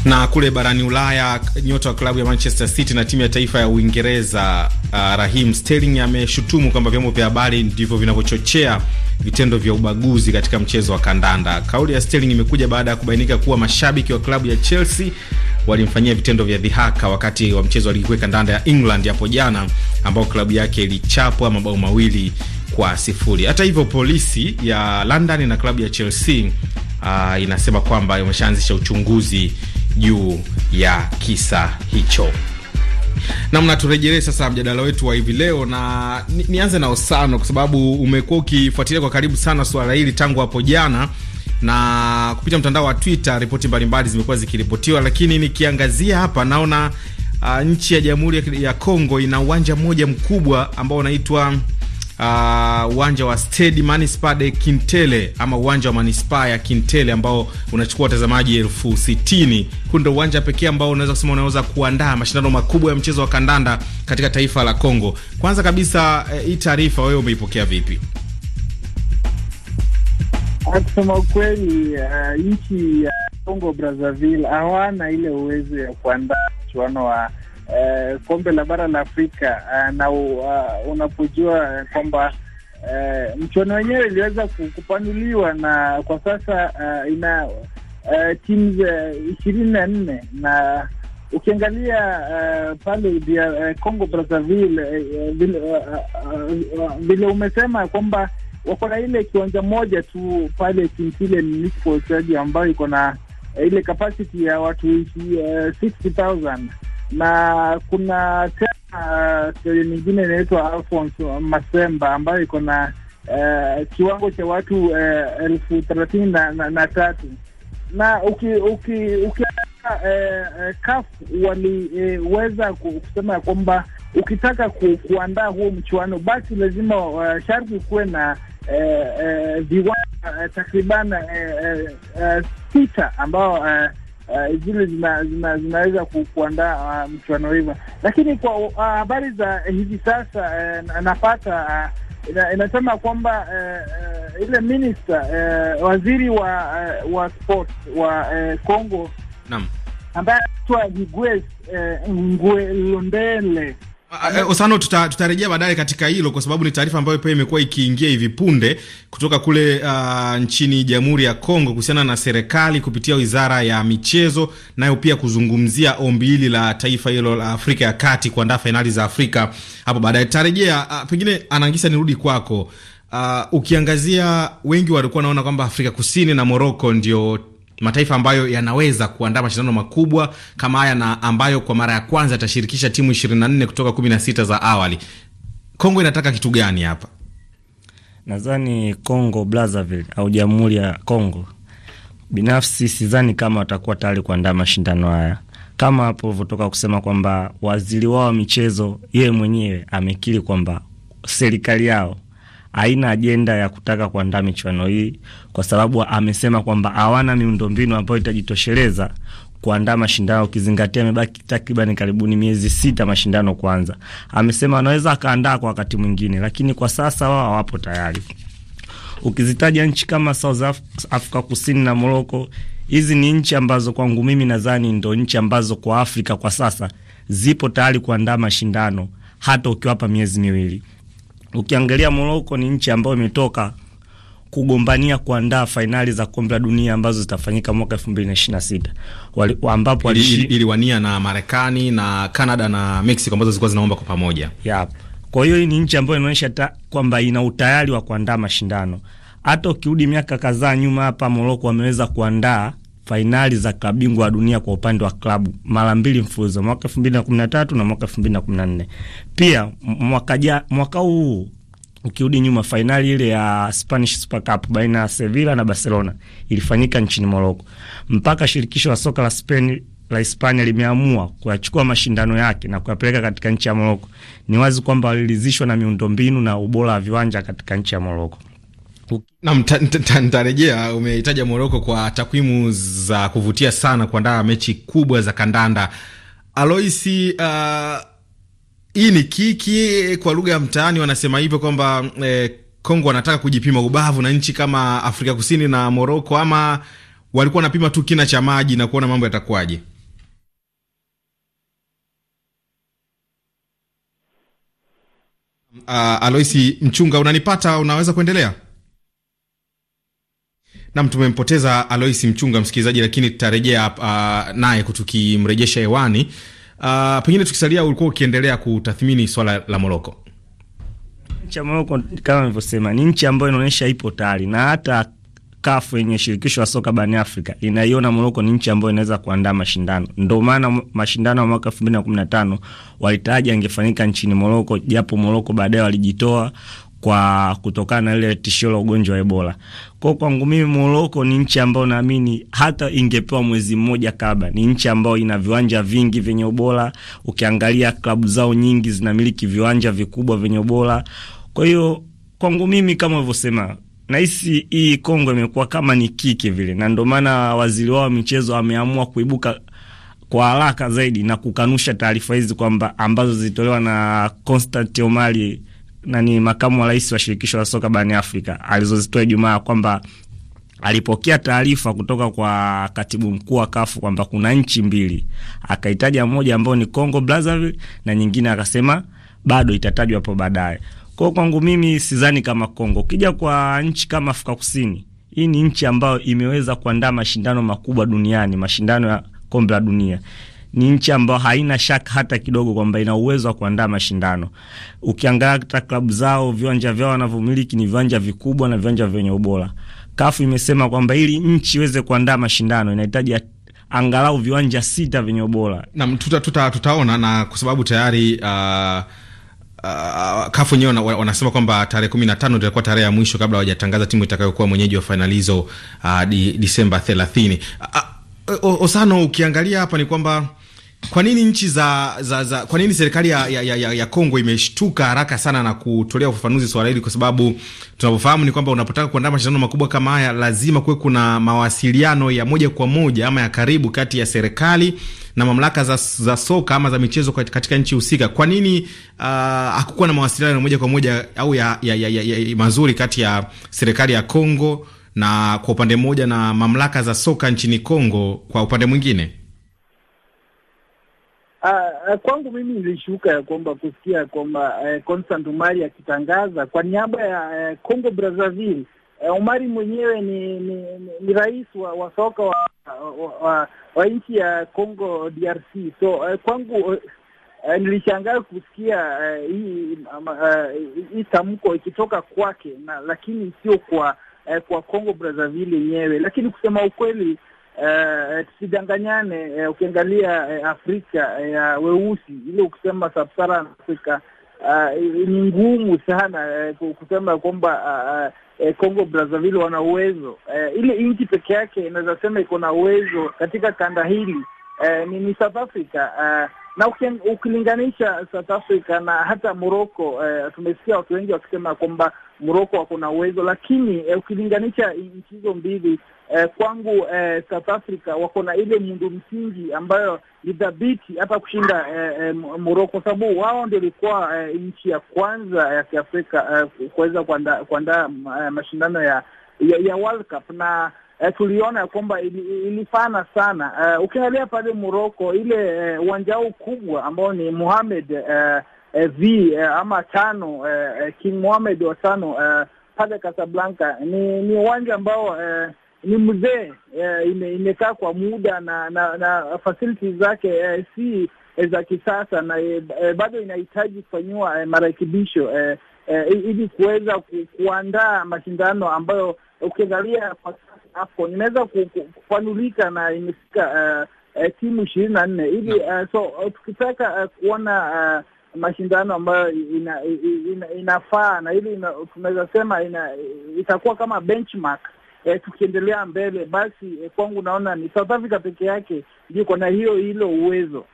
Na kule barani Ulaya, nyota wa klabu ya Manchester City na timu ya taifa ya Uingereza uh, Raheem Sterling ameshutumu kwamba vyombo vya habari ndivyo vinavyochochea vitendo vya ubaguzi katika mchezo wa kandanda. Kauli ya Sterling imekuja baada ya kubainika kuwa mashabiki wa klabu ya Chelsea walimfanyia vitendo vya dhihaka wakati wa mchezo wa ligi kuu ya kandanda ya England hapo jana, ambao klabu yake ilichapwa mabao mawili kwa sifuri. Hata hivyo, polisi ya London na klabu ya Chelsea uh, inasema kwamba imeshaanzisha uchunguzi juu ya kisa hicho. Namna turejelee sasa mjadala wetu wa hivi leo, na nianze na Osano kwa sababu umekuwa ukifuatilia kwa karibu sana suala hili tangu hapo jana, na kupitia mtandao wa Twitter ripoti mbalimbali zimekuwa zikiripotiwa, lakini nikiangazia hapa naona uh, nchi ya Jamhuri ya Kongo ina uwanja mmoja mkubwa ambao unaitwa Ah, uwanja uh, wa Stade Manispa de Kintele ama uwanja wa manispa ya Kintele ambao unachukua watazamaji elfu sitini. Huu ndio uwanja pekee ambao unaweza kusema unaweza kuandaa mashindano makubwa ya mchezo wa kandanda katika taifa la congo Kwanza kabisa eh, hii uh, taarifa wewe umeipokea vipi? Kusema ukweli, uh, nchi ya Congo Brazzaville hawana ile uwezo ya kuandaa mchuano wa uh, kombe la bara la Afrika uh, na uh, unapojua kwamba uh, mchuano wenyewe iliweza kupanuliwa na kwa sasa uh, ina uh, timu ishirini na nne na ukiangalia uh, pale dia, uh, Congo Brazzaville uh, vile, uh, uh, uh, vile umesema kwamba wako na ile kiwanja moja tu pale Kintile Municipal Stadium ambayo iko na ile capacity ya watu elfu sitini uh, na kuna tena stadium eh, nyingine inaitwa Alphonse Masemba ambayo iko na uh, kiwango cha watu uh, elfu thelathini na, na, na tatu na uki uki ukiangalia eh, CAF waliweza eh, kusema ya kwamba ukitaka ku, kuandaa huo mchuano basi lazima uh, sharti kuwe na eh, eh, viwanja eh, takriban eh, eh, sita ambao eh, uh, zile zina, zina, zinaweza kuandaa uh, mchuano hivyo, lakini kwa eh, habari uh, za hivi sasa uh, napata uh, ina, inasema kwamba uh, uh, ile minister uh, waziri wa uh, wa sport wa uh, Congo ambaye anaitwa Higues uh, Ngwelondele Eh, eh, Osano, tutarejea baadaye katika hilo kwa sababu ni taarifa ambayo pia imekuwa ikiingia hivi punde kutoka kule uh, nchini Jamhuri ya Kongo kuhusiana na serikali kupitia wizara ya michezo, nayo pia kuzungumzia ombi hili la taifa hilo la Afrika ya Kati kuandaa fainali za Afrika hapo baadaye. Tutarejea uh, pengine anaangisa, nirudi kwako. Uh, ukiangazia wengi walikuwa naona kwamba Afrika Kusini na Morocco ndio mataifa ambayo yanaweza kuandaa mashindano makubwa kama haya na ambayo kwa mara ya kwanza yatashirikisha timu 24 kutoka 16 za awali. Kongo inataka kitu gani hapa? Nadhani Congo Brazzaville au Jamhuri ya Kongo, binafsi sidhani kama watakuwa tayari kuandaa mashindano haya, kama hapo ulivyotoka kusema kwamba waziri wao wa michezo yeye mwenyewe amekiri kwamba serikali yao haina ajenda ya kutaka kuandaa michuano hii, kwa sababu amesema kwamba hawana miundombinu ambayo itajitosheleza kuandaa mashindano ukizingatia amebaki takriban karibuni miezi sita mashindano kwanza. Amesema anaweza akaandaa kwa wakati mwingine, lakini kwa sasa wao hawapo tayari. Ukizitaja nchi kama South Africa Kusini na Moroko, hizi ni nchi ambazo kwangu mimi nadhani ndo nchi ambazo kwa Afrika kwa sasa zipo tayari kuandaa mashindano hata ukiwapa miezi miwili. Ukiangalia Morocco ni nchi ambayo imetoka kugombania kuandaa fainali za kombe la dunia ambazo zitafanyika mwaka 2026 ambapo iliwania na Marekani na Canada na Mexico ambazo zilikuwa zinaomba kwa pamoja. Yep. Kwa hiyo hii ni nchi ambayo inaonyesha kwamba ina utayari wa kuandaa mashindano. Hata ukirudi miaka kadhaa nyuma, hapa Morocco wameweza kuandaa fainali za klabu bingwa wa dunia kwa upande wa klabu mara mbili mfuzo mwaka elfu mbili na kumi na na tatu mwaka elfu mbili na na kumi nne Pia mwaka mwaka huu ukirudi nyuma, fainali ile ya Spanish Super Cup baina ya Sevilla na Barcelona ilifanyika nchini Moroko. Mpaka shirikisho la soka la Spain la Hispania limeamua kuyachukua mashindano yake na kuyapeleka katika nchi ya Moroko, ni wazi kwamba waliridhishwa na miundombinu na ubora wa viwanja katika nchi ya Moroko. Nam, ntarejea. Umeitaja Moroko kwa takwimu za kuvutia sana kuandaa mechi kubwa za kandanda. Aloisi, uh, hii ni kiki kwa lugha ya mtaani, wanasema hivyo kwamba eh, Kongo wanataka kujipima ubavu na nchi kama Afrika Kusini na Moroko, ama walikuwa wanapima tu kina cha maji na kuona mambo yatakuwaje? Uh, Aloisi Mchunga, unanipata? Unaweza kuendelea? Nam, tumempoteza Alois Mchunga msikilizaji, lakini tutarejea uh, naye tukimrejesha hewani. Uh, pengine tukisalia, ulikuwa ukiendelea kutathmini swala la Moroko. Nchi ya Moroko kama nilivyosema, ni nchi ambayo inaonyesha ipo tayari na hata kafu yenye shirikisho la soka barani Afrika inaiona Moroko ni nchi ambayo inaweza kuandaa mashindano. Ndio maana mashindano ya mwaka tano walitaja angefanyika nchini Moroko, japo Moroko baadaye walijitoa kwa kutokana na ile tishio la ugonjwa wa Ebola. Kwa kwangu mimi, Moroko ni nchi ambayo naamini hata ingepewa mwezi mmoja kabla, ni nchi ambayo ina viwanja vingi vyenye ubora. Ukiangalia klabu zao nyingi zinamiliki viwanja vikubwa vyenye ubora. Kwa hiyo kwangu mimi, kama ulivyosema, nahisi hii Kongo imekuwa kama ni kike vile, na ndio maana waziri wao wa michezo ameamua kuibuka kwa haraka zaidi na kukanusha taarifa hizi kwamba ambazo zilitolewa na Constant Omali nani makamu wa rais wa shirikisho la soka barani Afrika alizozitoa Ijumaa kwamba alipokea taarifa kutoka kwa katibu mkuu wa kafu kwamba kuna nchi mbili, akahitaja moja ambayo ni Congo Brazzaville na nyingine akasema bado itatajwa hapo baadaye. Kwa kwangu mimi sidhani kama Congo. kija kwa nchi kama Afrika Kusini, hii ni nchi ambayo imeweza kuandaa mashindano makubwa duniani, mashindano ya kombe la dunia ni nchi ambayo haina shaka hata kidogo kwamba ina uwezo wa kuandaa mashindano. Ukiangalia hata klabu zao, viwanja vyao wanavyomiliki ni viwanja vikubwa na viwanja vyenye ubora. Kafu imesema kwamba ili nchi iweze kuandaa mashindano inahitaji angalau viwanja sita vyenye ubora. Naam, tuta, tuta, tutaona na kwa sababu tayari uh... Uh, kafu wenyewe wanasema kwamba tarehe kumi na tano itakuwa tarehe ya mwisho kabla hawajatangaza timu itakayokuwa mwenyeji wa fainali hizo uh, di, Disemba thelathini. Uh, Eh, Osano, ukiangalia hapa ni kwamba kwa nini nchi za, za, za kwa nini serikali ya, ya, ya, ya Kongo imeshtuka haraka sana na kutolea ufafanuzi swala hili? Kwa sababu tunavyofahamu ni kwamba unapotaka kuandaa mashindano makubwa kama haya lazima kuwe kuna mawasiliano ya moja kwa moja ama ya karibu kati ya serikali na mamlaka za, za soka ama za michezo katika nchi husika. Kwa nini uh, na mawasiliano ya moja kwa moja au ya, ya, ya, ya, ya, mazuri kati ya serikali ya Kongo na kwa upande mmoja na mamlaka za soka nchini Kongo kwa upande mwingine? Uh, kwangu mimi nilishuka ya kwamba kusikia kwamba uh, Constant Umari akitangaza kwa niaba ya uh, eh, Congo Brazzaville. Uh, Umari mwenyewe ni ni, ni rais wa, wa soka wa, wa, wa, wa nchi ya Congo DRC. So uh, kwangu uh, nilishangaa kusikia hii uh, uh, uh, tamko ikitoka kwake na lakini sio kwa eh, kwa Congo Brazzaville yenyewe. Lakini kusema ukweli eh, tusidanganyane eh, ukiangalia eh, Afrika eh, ya eh, weusi ile ukisema Sub-Saharan Africa eh, ni ngumu sana eh, kusema kwamba eh, eh, Congo Brazzaville wana uwezo eh, ile nchi peke yake inaweza sema iko na uwezo katika kanda hili eh, ni, ni South Africa eh, na ukilinganisha South Africa na hata Morocco eh, tumesikia watu wengi wakisema kwamba Morocco wako na uwezo, lakini eh, ukilinganisha nchi hizo mbili eh, kwangu eh, South Africa wako na ile miundo msingi ambayo ni dhabiti hata kushinda eh, eh, Morocco kwa sababu wao ndio ilikuwa eh, nchi ya kwanza ya Kiafrika eh, kuweza kuandaa eh, mashindano ya, ya, ya World Cup na eh, tuliona kwamba ili, ilifana sana eh, ukiangalia pale moroko ile eh, uwanja eh, huu kubwa ambao ni muhamed eh, eh, v eh, ama tano eh, eh King muhamed wa tano eh, pale kasablanka ni ni uwanja ambao eh, ni mzee eh, imekaa kwa muda na na, na facilities zake eh, si eh, za kisasa na eh, bado inahitaji kufanyiwa eh, marekebisho eh, eh, ili kuweza ku, kuandaa mashindano ambayo ukiangalia kwa AFCON imeweza kufanulika na imefika uh, uh, timu ishirini na nne ili uh, so uh, tukitaka uh, kuona uh, mashindano ambayo ina, ina, ina, inafaa na ili ina, tunaweza sema ina, itakuwa kama benchmark eh, tukiendelea mbele basi eh, kwangu naona ni South Africa peke yake ndio kona na hiyo hilo uwezo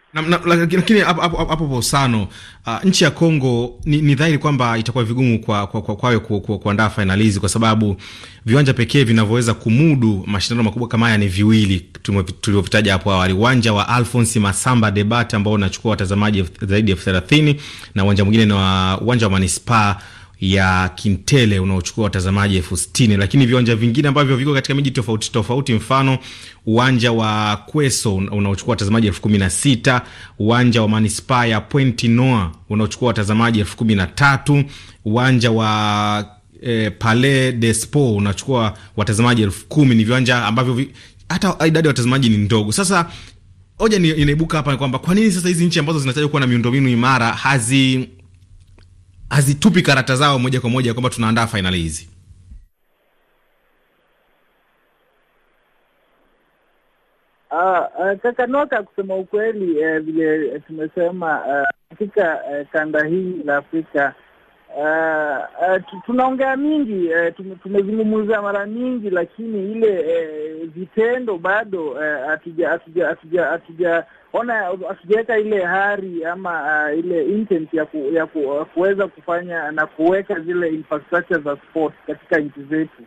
lakini hapo hapo Sano, uh, nchi ya Kongo ni, ni dhahiri kwamba itakuwa vigumu kwa kwa kwa kwawe kuandaa kwa, kwa, fainali hizi kwa sababu viwanja pekee vinavyoweza kumudu mashindano makubwa kama haya ni viwili tulivyovitaja hapo awali, uwanja wa Alphonse Masamba debat ambao unachukua watazamaji zaidi ya elfu thelathini na uwanja mwingine na uwanja wa manispaa ya Kintele unaochukua watazamaji elfu sitini lakini viwanja vingine ambavyo viko katika miji tofauti tofauti, mfano uwanja wa Kweso unaochukua watazamaji elfu kumi na sita uwanja wa manispaa ya Pointe Noa unaochukua watazamaji elfu kumi na tatu uwanja wa eh, Palais des Sports unachukua watazamaji elfu kumi Ni viwanja ambavyo vi, hata idadi ya watazamaji ni ndogo. Sasa hoja inaibuka hapa ni kwamba kwa nini sasa hizi nchi ambazo zinatajwa kuwa na miundombinu imara hazi hazitupi karata zao moja kwa moja kwamba tunaandaa fainali hizi? Ah, ah, Kakanoka, kusema ukweli, eh, vile eh, tumesema ah, katika eh, kanda hii la Afrika Uh, uh, tunaongea mingi eh, uh, tumezungumza mara nyingi, lakini ile uh, vitendo bado hatujaona, hatujaweka ile hari ama uh, ile intent ya, ku, ya, ku, ya kuweza kufanya na kuweka zile infrastructure za sport katika nchi zetu.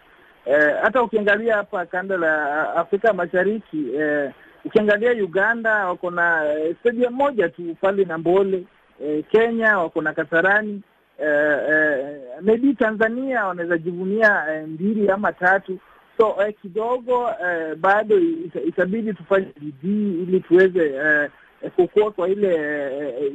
Uh, hata ukiangalia hapa kanda la Afrika Mashariki uh, ukiangalia Uganda wako na stadium moja tu pale mbole uh, Kenya wako na Kasarani uh, maybe Tanzania wanaweza jivunia uh, mbili ama tatu so uh, kidogo uh, bado itabidi tufanye bidii ili tuweze uh, kukua kwa ile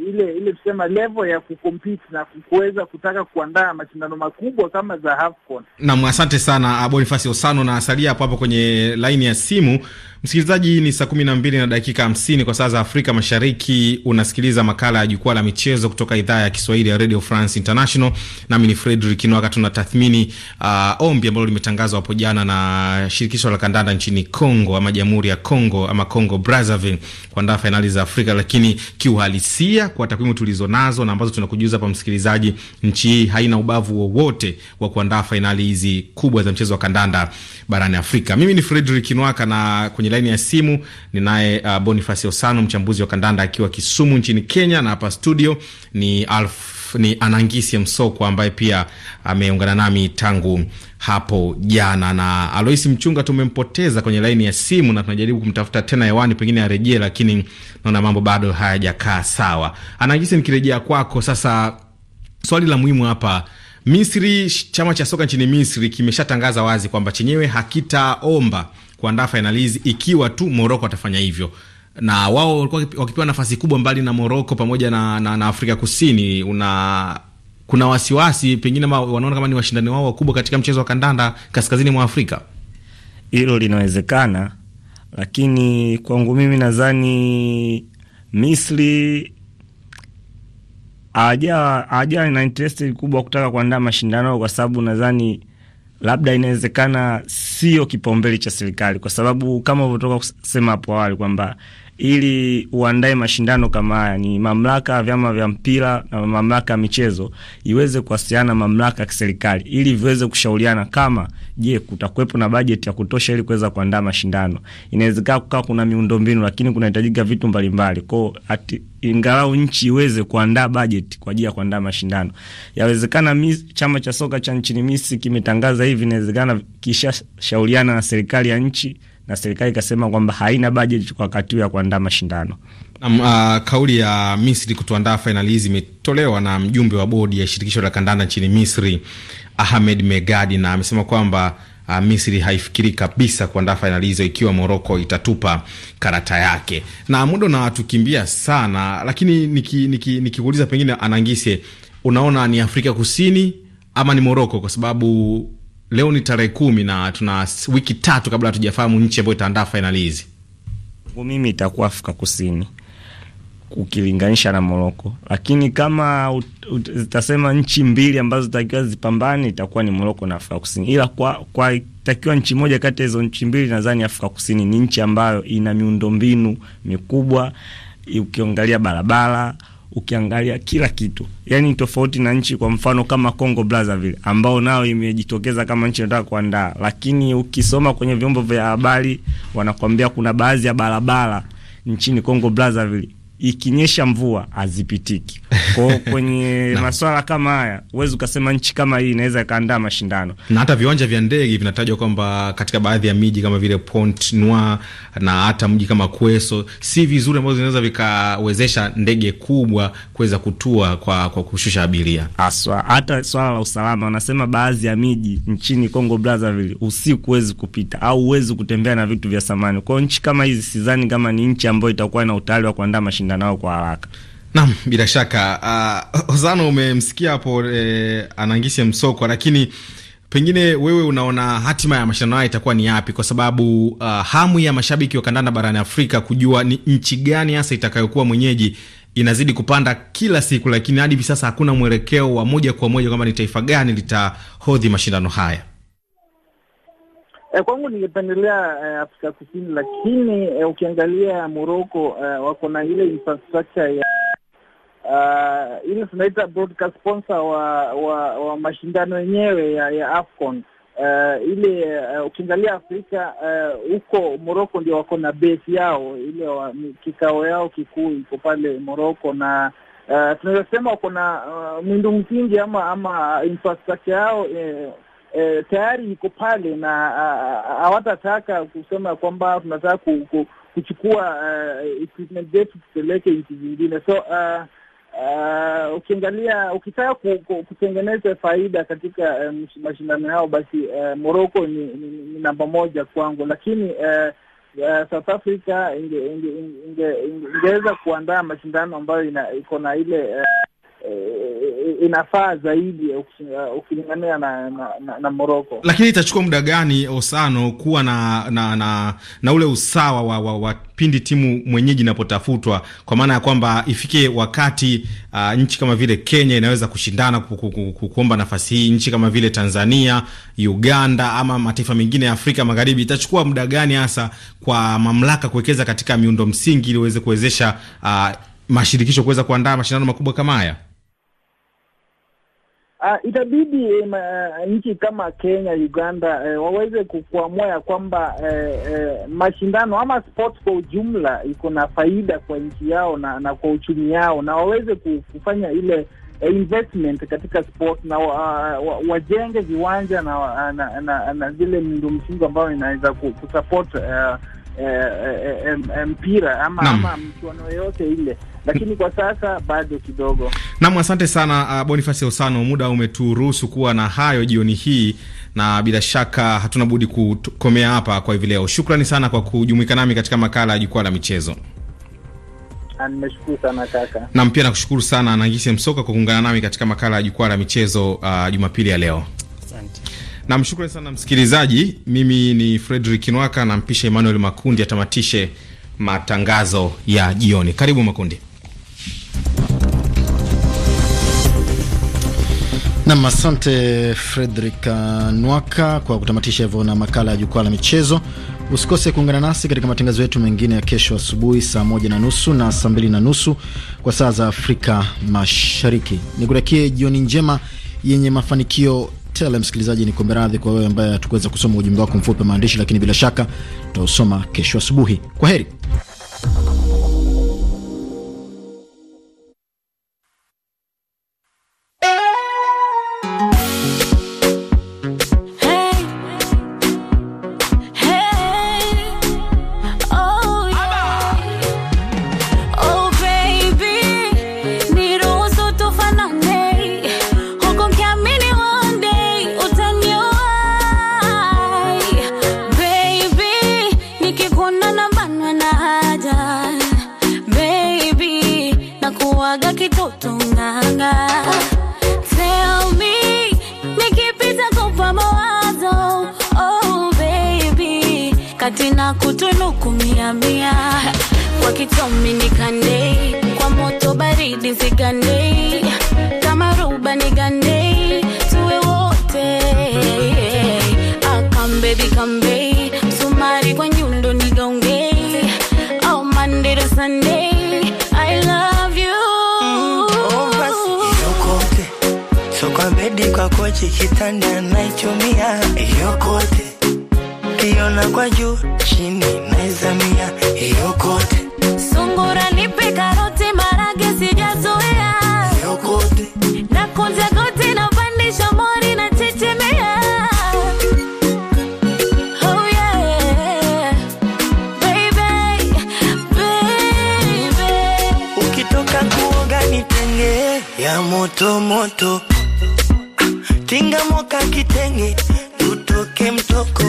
ile ile tusema level ya kucompete na kuweza kutaka kuandaa mashindano makubwa kama za AFCON. Naam, asante sana Bonifasi Osano, na asalia hapo hapo kwenye laini ya simu. Msikilizaji, ni saa kumi na mbili na dakika hamsini kwa saa za Afrika Mashariki. Unasikiliza makala ya jukwaa la michezo kutoka idhaa ya Kiswahili ya Radio France International, nami ni Fredrick Nwaka. Tunatathmini uh, ombi ambalo limetangazwa hapo jana na shirikisho la kandanda nchini Congo ama jamhuri ya Congo ama Congo Brazzaville kuandaa fainali za Afrika, lakini kiuhalisia, kwa takwimu tulizonazo na ambazo tunakujuza hapa msikilizaji, nchi hii haina ubavu wowote wa kuandaa fainali hizi kubwa za mchezo wa kandanda barani Afrika. Mimi ni Fredrick Nwaka na kwenye laini ya simu ninaye uh, Boniface Osano, mchambuzi wa kandanda akiwa Kisumu nchini Kenya, na hapa studio ni Alf, ni Anangisi Msoko ambaye pia ameungana nami tangu hapo jana, na Aloisi Mchunga tumempoteza kwenye laini ya simu na tunajaribu kumtafuta tena hewani, pengine arejee, lakini naona mambo bado hayajakaa sawa. Anangisi, nikirejea kwako sasa, swali la muhimu hapa Misri, chama cha soka nchini Misri kimeshatangaza wazi kwamba chenyewe hakitaomba kuandaa fainali hizi ikiwa tu Moroko atafanya hivyo na wao walikuwa wakipewa nafasi kubwa mbali na Moroko pamoja na, na, na Afrika Kusini. Una, kuna wasiwasi pengine ma, wanaona kama ni washindani wao wakubwa katika mchezo wa kandanda kaskazini mwa Afrika. Hilo linawezekana, lakini kwangu mimi nadhani Misri hawajawa na interest kubwa kutaka kuandaa mashindano, kwa sababu nadhani labda inawezekana sio kipaumbele cha serikali, kwa sababu kama ulivyotoka kusema hapo awali kwamba ili uandae mashindano kama haya. Ni mamlaka ya vyama vya mpira na mamlaka ya michezo iweze kuwasiliana mamlaka ya kiserikali ili viweze kushauriana kama, je, kutakuwepo na bajeti ya kutosha ili kuweza kuandaa mashindano. Inawezekana kukaa kuna miundombinu, lakini kunahitajika vitu mbalimbali kwao ati ingalau nchi iweze kuandaa bajeti kwa ajili ya kuandaa mashindano. Yawezekana chama cha soka cha nchini Misri kimetangaza hivi, inawezekana kishashauriana na serikali ya nchi na serikali ikasema kwamba haina bajeti kwa wakati ya kuandaa mashindano. Um, uh, kauli ya Misri kutuandaa fainali hizi imetolewa na mjumbe wa bodi ya shirikisho la kandanda nchini Misri Ahmed Megadi, na amesema kwamba uh, Misri haifikiri kabisa kuandaa fainali hizo ikiwa Moroko itatupa karata yake. Na muda unatukimbia sana, lakini nikikuuliza niki, niki pengine anangise, unaona ni Afrika Kusini ama ni Moroko kwa sababu leo ni tarehe kumi na tuna wiki tatu kabla hatujafahamu nchi ambayo itaandaa fainali hizi. Mimi itakuwa Afrika Kusini ukilinganisha na Moroko, lakini kama zitasema nchi mbili ambazo takiwa zipambane itakuwa ni Moroko na Afrika Kusini, ila kwa, kwa takiwa nchi moja kati ya hizo nchi mbili, nadhani Afrika Kusini ni nchi ambayo ina miundombinu mikubwa, ukiangalia barabara ukiangalia kila kitu, yani tofauti na nchi kwa mfano kama Congo Brazzaville, ambao nao imejitokeza kama nchi inataka kuandaa, lakini ukisoma kwenye vyombo vya habari wanakwambia kuna baadhi ya barabara nchini Congo Brazzaville ikinyesha mvua hazipitiki. Kwa kwenye (laughs) masuala kama haya, huwezi ukasema nchi kama hii inaweza ikaandaa mashindano. Na hata viwanja vya ndege vinatajwa kwamba katika baadhi ya miji kama vile Pont Noir na hata mji kama Kweso si vizuri, ambazo zinaweza vikawezesha ndege kubwa kuweza kutua kwa, kwa kushusha abiria aswa. Hata swala la usalama, wanasema baadhi ya miji nchini Congo Brazzaville usiku huwezi kupita au huwezi kutembea na vitu vya samani. Kwa nchi kama hizi sidhani kama ni nchi ambayo itakuwa na utayari wa kuandaa mashindano kushinda nao kwa haraka. Naam, bila shaka uh, ah, Ozano umemsikia hapo eh, anaangishe msoko, lakini pengine wewe unaona hatima ya mashindano haya itakuwa ni yapi? Kwa sababu uh, hamu ya mashabiki wa kandanda barani Afrika kujua ni nchi gani hasa itakayokuwa mwenyeji inazidi kupanda kila siku, lakini hadi hivi sasa hakuna mwelekeo wa moja kwa moja kwamba ni taifa gani litahodhi mashindano haya. E, kwangu ningependelea e, Afrika Kusini, lakini e, ukiangalia Morocco e, wako na ile infrastructure ya uh, ile tunaita broadcast sponsor wa wa, wa mashindano yenyewe ya, ya AFCON. Uh, ile uh, ukiangalia Afrika huko uh, Morocco ndio wako na base yao ile wa, kikao yao kikuu iko pale Morocco na uh, tunaweza sema wako na uh, mwindo msingi ama ama infrastructure yao eh, e, tayari iko pale na hawatataka kusema kwamba tunataka ku, ku, kuchukua uh, equipment zetu tupeleke nchi zingine. So uh, uh, ukiangalia ukitaka ku, ku, kutengeneza faida katika um, mashindano yao, basi uh, moroko ni, ni, ni namba moja kwangu, lakini uh, Uh, South Africa ingeweza inge, inge, inge, kuandaa mashindano ambayo iko na ile uh, eh, inafaa zaidi ukilingamia na, na, na, na Moroko. Lakini itachukua muda gani Osano kuwa na na, na, na ule usawa wa, wa, wa pindi timu mwenyeji inapotafutwa, kwa maana ya kwamba ifike wakati uh, nchi kama vile Kenya inaweza kushindana ku, ku, ku, ku, kuomba nafasi hii, nchi kama vile Tanzania, Uganda ama mataifa mengine ya Afrika Magharibi. Itachukua muda gani hasa kwa mamlaka kuwekeza katika miundo msingi ili uweze kuwezesha uh, mashirikisho kuweza kuandaa mashindano makubwa kama haya? Uh, itabidi um, uh, nchi kama Kenya, Uganda uh, waweze kuamua ya kwamba uh, uh, mashindano ama sport kwa ujumla iko na faida kwa nchi yao na, na kwa uchumi yao, na waweze kufanya ile investment katika sport na uh, wajenge viwanja na, ah, na, na, na zile miundo msingi ambayo inaweza kusupport uh, uh, uh, mpira ama, ama mchuano yoyote ile lakini kwa sasa bado kidogo. Nam, asante sana uh, Bonifasi Osano, muda umeturuhusu kuwa na hayo jioni hii, na bila shaka hatuna budi kukomea hapa kwa hivi leo. Shukrani sana kwa kujumuika nami katika makala ya jukwaa la michezo. Nimeshukuru sana kaka. Nam, pia nakushukuru sana Nangise Msoka kwa kuungana nami katika makala ya jukwaa la michezo uh, Jumapili ya leo. Asante. Namshukuru sana msikilizaji. Mimi ni Fredrick Nwaka, nampisha Emmanuel Makundi atamatishe matangazo ya jioni. Karibu Makundi. Nam, asante Fredrik uh, Nwaka kwa kutamatisha hivyo na makala ya jukwaa la michezo. Usikose kuungana nasi katika matangazo yetu mengine ya kesho asubuhi saa moja na nusu na saa mbili na nusu kwa saa za Afrika Mashariki. Nikutakie jioni njema yenye mafanikio tele. Msikilizaji, ni radhi kwa wewe ambaye hatukuweza kusoma ujumbe wako mfupi maandishi, lakini bila shaka tutausoma kesho asubuhi. Kwa heri. sana naichumia hiyo kote, kiona kwa juu chini naizamia hiyo kote, sungura nipe karoti marage sijazoea hiyo kote, na kunja goti na pandisha mori na chechemea oh, ya moto moto tinga moka kitenge tutoke mtoko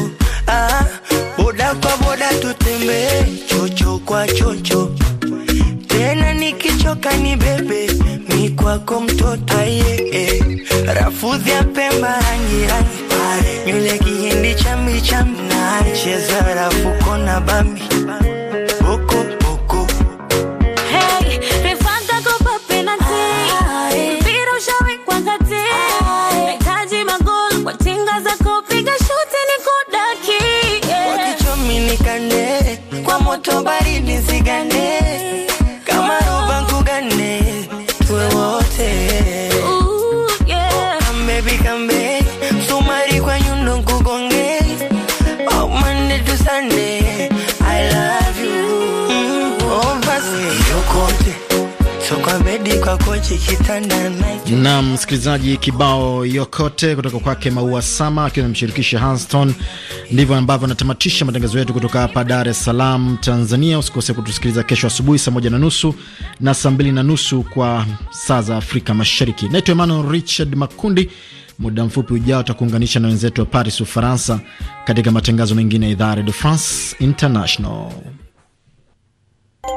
ah, boda kwa boda tutembee chocho kwa chocho tena nikichoka ni bebe ni kwako mtoto aye eh. rafudhi ya pemba rangi rangi nywele kihindi chambi chambi na cheza rafuko na bambi moto baridi zigane kama nkugane tuwe wote oh, sumari kwa nyundo nkugonge oh, I love you mm, oh, yokote na msikilizaji kibao yokote kutoka kwake Maua Sama akiwa amemshirikisha Hanston Ndivyo ambavyo anatamatisha matangazo yetu kutoka hapa Dar es Salaam, Tanzania. Usikose kutusikiliza kesho asubuhi saa moja na nusu na saa mbili na nusu kwa saa za Afrika Mashariki. Naitwa Emmanuel Richard Makundi. Muda mfupi ujao takuunganisha na wenzetu wa Paris, Ufaransa, katika matangazo mengine ya idhaa Redio France International.